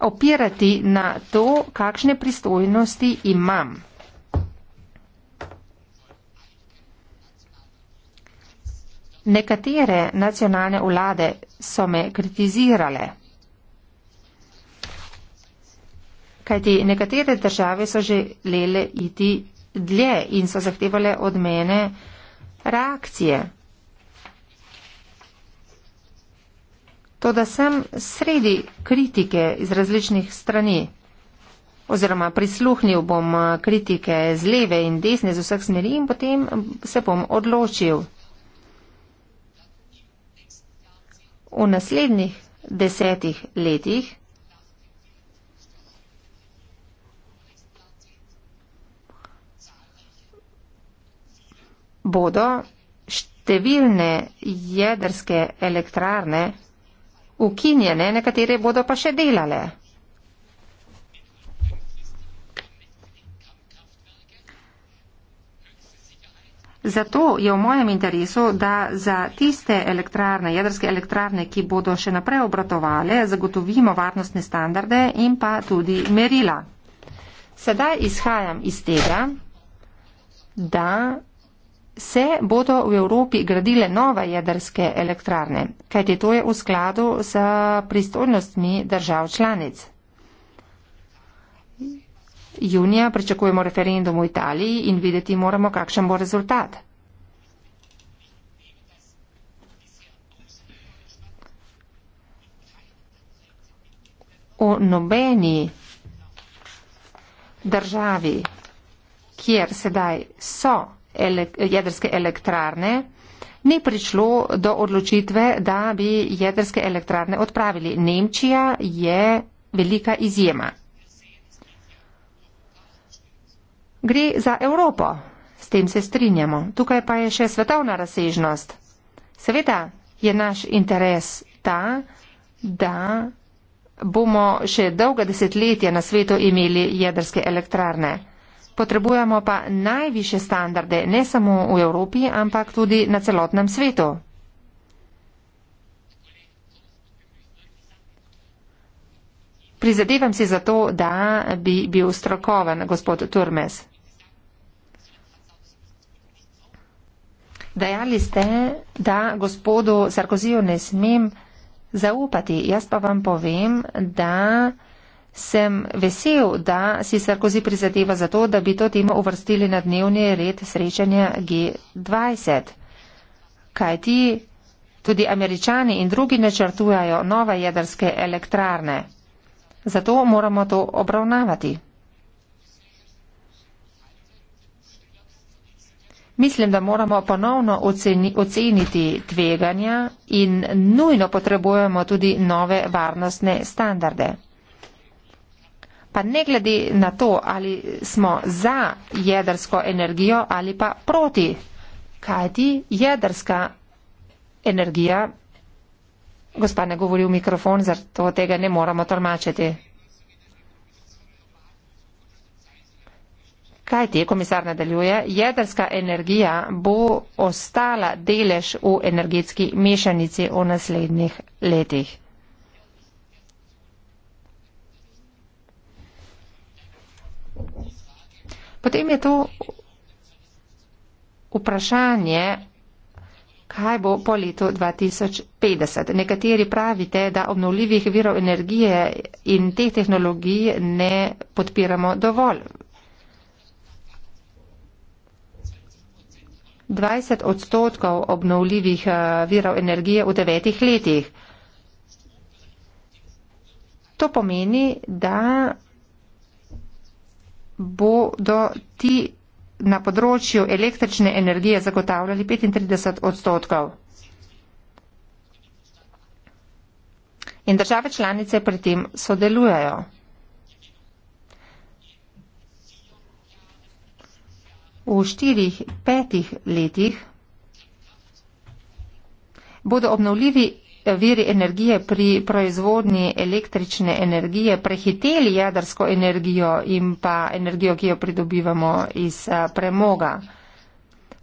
opirati na to, kakšne pristojnosti imam. Nekatere nacionalne vlade so me kritizirale, kajti nekatere države so želele iti dlje in so zahtevale od mene reakcije. To, da sem sredi kritike iz različnih strani, oziroma prisluhnil bom eh, kritike z leve in desne, z vseh smeri in potem se bom odločil. V naslednjih desetih letih bodo številne jedrske elektrarne ukinjene, nekatere bodo pa še delale. Zato je v mojem interesu, da za tiste elektrarne, jedrske elektrarne, ki bodo še naprej obratovale, zagotovimo varnostne standarde in pa tudi merila. Sedaj izhajam iz tega, da se bodo v Evropi gradile nove jedrske elektrarne, kajti to je v skladu z pristojnostmi držav članic. Junija pričakujemo referendum v Italiji in videti moramo, kakšen bo rezultat. O nobeni državi, kjer sedaj so jedrske elektrarne, ni prišlo do odločitve, da bi jedrske elektrarne odpravili. Nemčija je velika izjema. Gre za Evropo, s tem se strinjamo. Tukaj pa je še svetovna razsežnost. Seveda je naš interes ta, da bomo še dolga desetletja na svetu imeli jedrske elektrarne. Potrebujemo pa najviše standarde, ne samo v Evropi, ampak tudi na celotnem svetu. Prizadevam si za to, da bi bil strokoven gospod Turmes. Dejali ste, da gospodu Sarkoziju ne smem zaupati. Jaz pa vam povem, da sem vesel, da si Sarkozy prizadeva za to, da bi to temo uvrstili na dnevni red srečanja G20. Kaj ti, tudi američani in drugi načrtujajo nove jedrske elektrarne. Zato moramo to obravnavati. Mislim, da moramo ponovno oceni, oceniti tveganja in nujno potrebujemo tudi nove varnostne standarde pa ne glede na to, ali smo za jedrsko energijo ali pa proti, kajti jedrska energija, gospa ne govori v mikrofon, zato tega ne moramo tolmačiti. Kaj ti, komisar nadaljuje, jedrska energija bo ostala delež v energetski mešanici v naslednjih letih. Potem je to vprašanje, kaj bo po letu 2050. Nekateri pravite, da obnovljivih virov energije in teh tehnologij ne podpiramo dovolj. 20 odstotkov obnovljivih eh, virov energije v devetih letih. To pomeni, da bodo ti na področju električne energije zagotavljali 35 odstotkov. In države članice pri tem sodelujejo. V štirih, petih letih bodo obnovljivi viri energije pri proizvodnji električne energije prehiteli jedrsko energijo in pa energijo, ki jo pridobivamo iz eh, premoga.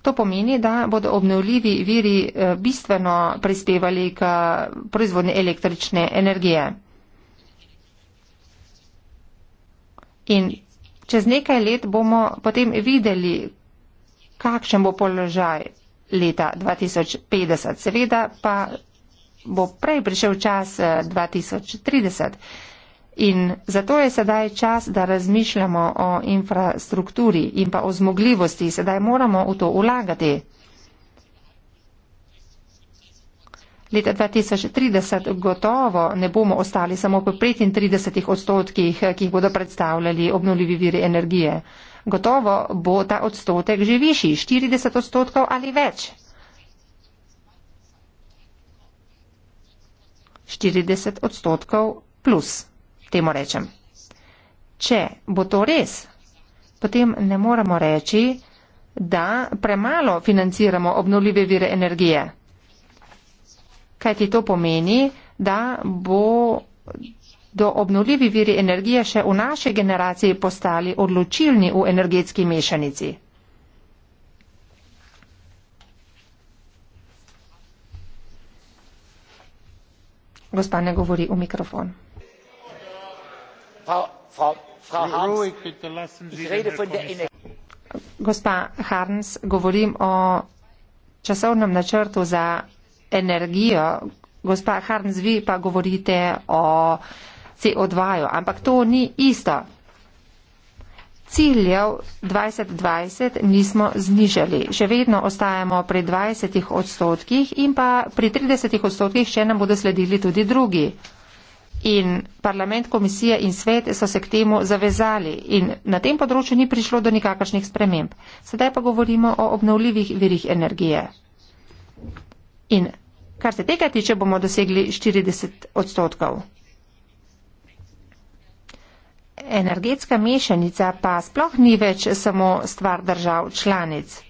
To pomeni, da bodo obnovljivi viri eh, bistveno prispevali k eh, proizvodnji električne energije. In čez nekaj let bomo potem videli, kakšen bo položaj leta 2050. Seveda pa bo prej prišel čas 2030. Eh, in zato je sedaj čas, da razmišljamo o infrastrukturi in pa o zmogljivosti. Sedaj moramo v to ulagati. Leta 2030 gotovo ne bomo ostali samo po 35 odstotkih, eh, ki jih bodo predstavljali obnovljivi viri energije. Gotovo bo ta odstotek že višji, 40 odstotkov ali več. 40 odstotkov plus, temu rečem. Če bo to res, potem ne moremo reči, da premalo financiramo obnovljive vire energije. Kaj ti to pomeni, da bo do obnovljivi viri energije še v naši generaciji postali odločilni v energetski mešanici? gospa ne govori v mikrofon. Gospa Harns, govorim o časovnem načrtu za energijo. Gospa Harns, vi pa govorite o CO2-ju, ampak to ni isto ciljev 2020 nismo znižali. Že vedno ostajamo pri 20 odstotkih in pa pri 30 odstotkih še nam bodo sledili tudi drugi. In parlament, komisija in svet so se k temu zavezali in na tem področju ni prišlo do nikakršnih sprememb. Sedaj pa govorimo o obnovljivih virih energije. In kar se tega tiče, bomo dosegli 40 odstotkov energetska mešanica pa sploh ni več samo stvar držav članic.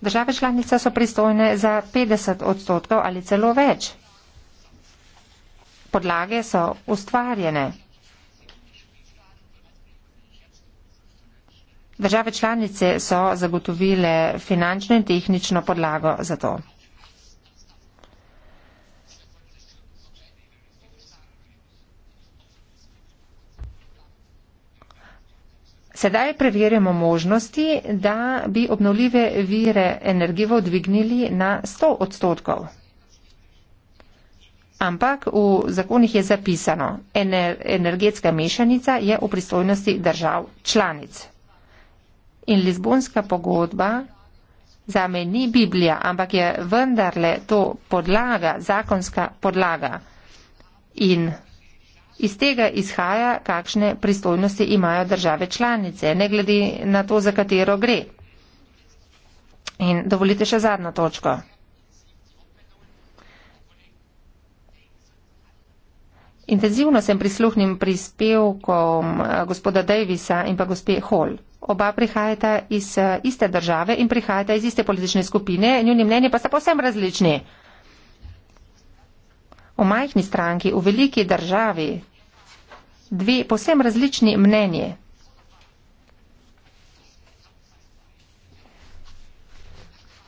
Države članice so pristojne za 50 odstotkov ali celo več. Podlage so ustvarjene. Države članice so zagotovile finančno in tehnično podlago za to. Sedaj preverjamo možnosti, da bi obnovljive vire energivo dvignili na 100 odstotkov. Ampak v zakonih je zapisano, energetska mešanica je v pristojnosti držav članic. In Lizbonska pogodba za me ni Biblija, ampak je vendarle to podlaga, zakonska podlaga. In Iz tega izhaja, kakšne pristojnosti imajo države članice, ne glede na to, za katero gre. In dovolite še zadnjo točko. Intenzivno sem prisluhnil prispevkom eh, gospoda Davisa in pa gospe Hall. Oba prihajata iz eh, iste države in prihajata iz iste politične skupine, njuni mnenje pa so posem različni. O majhni stranki, v veliki državi, dve posem različni mnenje.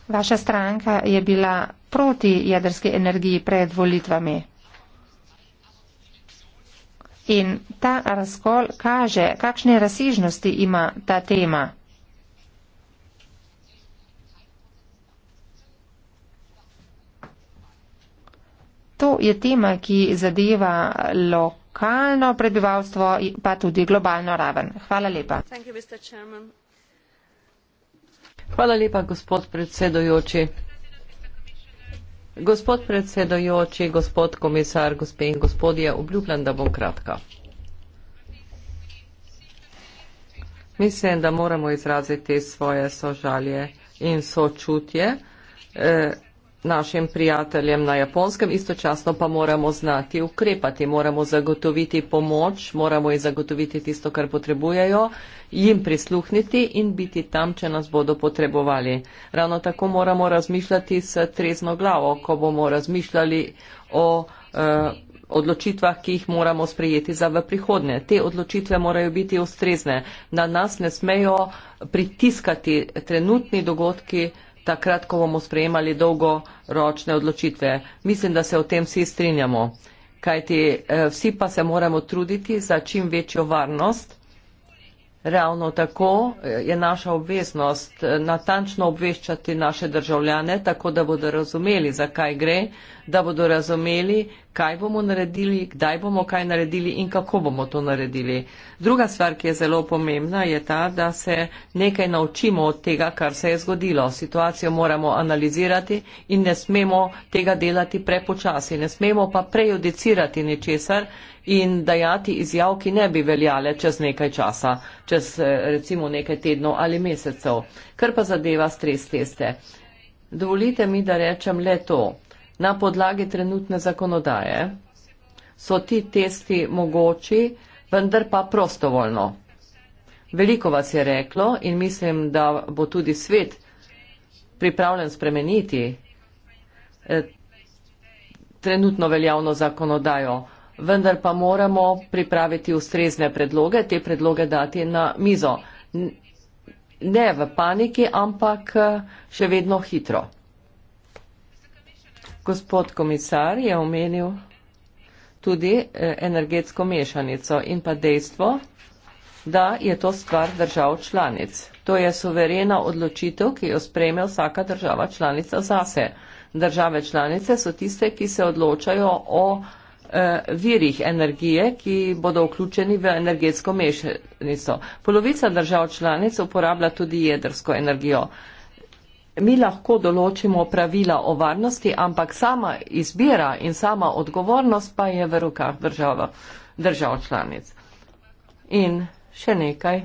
Vaša stranka je bila proti jedrski energiji pred volitvami. In ta razkol kaže, kakšne razsižnosti ima ta tema. To je tema, ki zadeva lok lokalno prebivalstvo, pa tudi globalno raven. Hvala lepa. Hvala lepa, gospod predsedojoči. Gospod predsedojoči, gospod komisar, gospe in gospodje, obljubljam, da bom kratka. Mislim, da moramo izraziti svoje sožalje in sočutje. Eh, našim prijateljem na japonskem, istočasno pa moramo znati ukrepati, moramo zagotoviti pomoč, moramo jim zagotoviti tisto, kar potrebujejo, jim prisluhniti in biti tam, če nas bodo potrebovali. Ravno tako moramo razmišljati s trezno glavo, ko bomo razmišljali o eh, odločitvah, ki jih moramo sprejeti za v prihodnje. Te odločitve morajo biti ustrezne. Na nas ne smejo pritiskati trenutni dogodki, takrat, ko bomo sprejemali dolgoročne odločitve. Mislim, da se o tem vsi strinjamo, kajti eh, vsi pa se moramo truditi za čim večjo varnost. Ravno tako eh, je naša obveznost eh, natančno obveščati naše državljane, tako da bodo razumeli, zakaj gre, da bodo razumeli, kaj bomo naredili, kdaj bomo kaj naredili in kako bomo to naredili. Druga stvar, ki je zelo pomembna, je ta, da se nekaj naučimo od tega, kar se je zgodilo. Situacijo moramo analizirati in ne smemo tega delati prepočasi. Ne smemo pa prejudicirati ničesar in dajati izjav, ki ne bi veljale čez nekaj časa, čez eh, recimo nekaj tednov ali mesecev. Kar pa zadeva stres teste. Dovolite mi, da rečem le to na podlagi trenutne zakonodaje so ti testi mogoči, vendar pa prostovoljno. Veliko vas je reklo in mislim, da bo tudi svet pripravljen spremeniti eh, trenutno veljavno zakonodajo, vendar pa moramo pripraviti ustrezne predloge, te predloge dati na mizo. Ne v paniki, ampak eh, še vedno hitro. Gospod komisar je omenil tudi eh, energetsko mešanico in pa dejstvo, da je to stvar držav članic. To je suverena odločitev, ki jo spreme vsaka država članica zase. Države članice so tiste, ki se odločajo o eh, virih energije, ki bodo vključeni v energetsko mešanico. Polovica držav članic uporablja tudi jedrsko energijo mi lahko določimo pravila o varnosti, ampak sama izbira in sama odgovornost pa je v rokah država, držav članic. In še nekaj.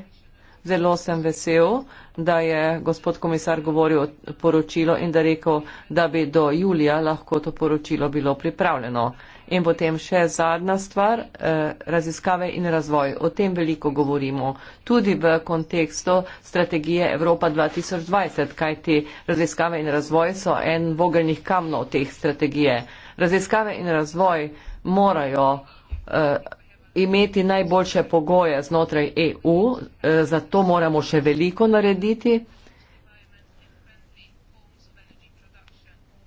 Zelo sem vesel, da je gospod komisar govoril o poročilo in da rekel, da bi do julija lahko to poročilo bilo pripravljeno. In potem še zadnja stvar, eh, raziskave in razvoj. O tem veliko govorimo tudi v kontekstu strategije Evropa 2020, kaj ti raziskave in razvoj so en vogelnih kamnov teh strategije. Raziskave in razvoj morajo eh, imeti najboljše pogoje znotraj EU, eh, zato moramo še veliko narediti.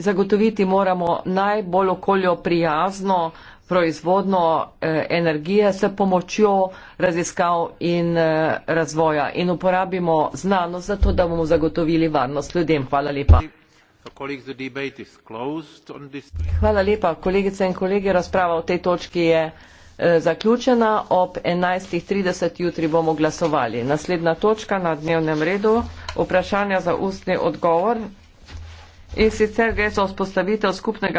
zagotoviti moramo najbolj okoljo prijazno proizvodno eh, energije s pomočjo raziskav in eh, razvoja in uporabimo znanost za to, da bomo zagotovili varnost ljudem. Hvala lepa. Hvala lepa. Kolegice in kolege, razprava v tej točki je eh, zaključena. Ob 11.30 jutri bomo glasovali. Naslednja točka na dnevnem redu. Vprašanja za ustni odgovor in sicer gre za vzpostavitev skupnega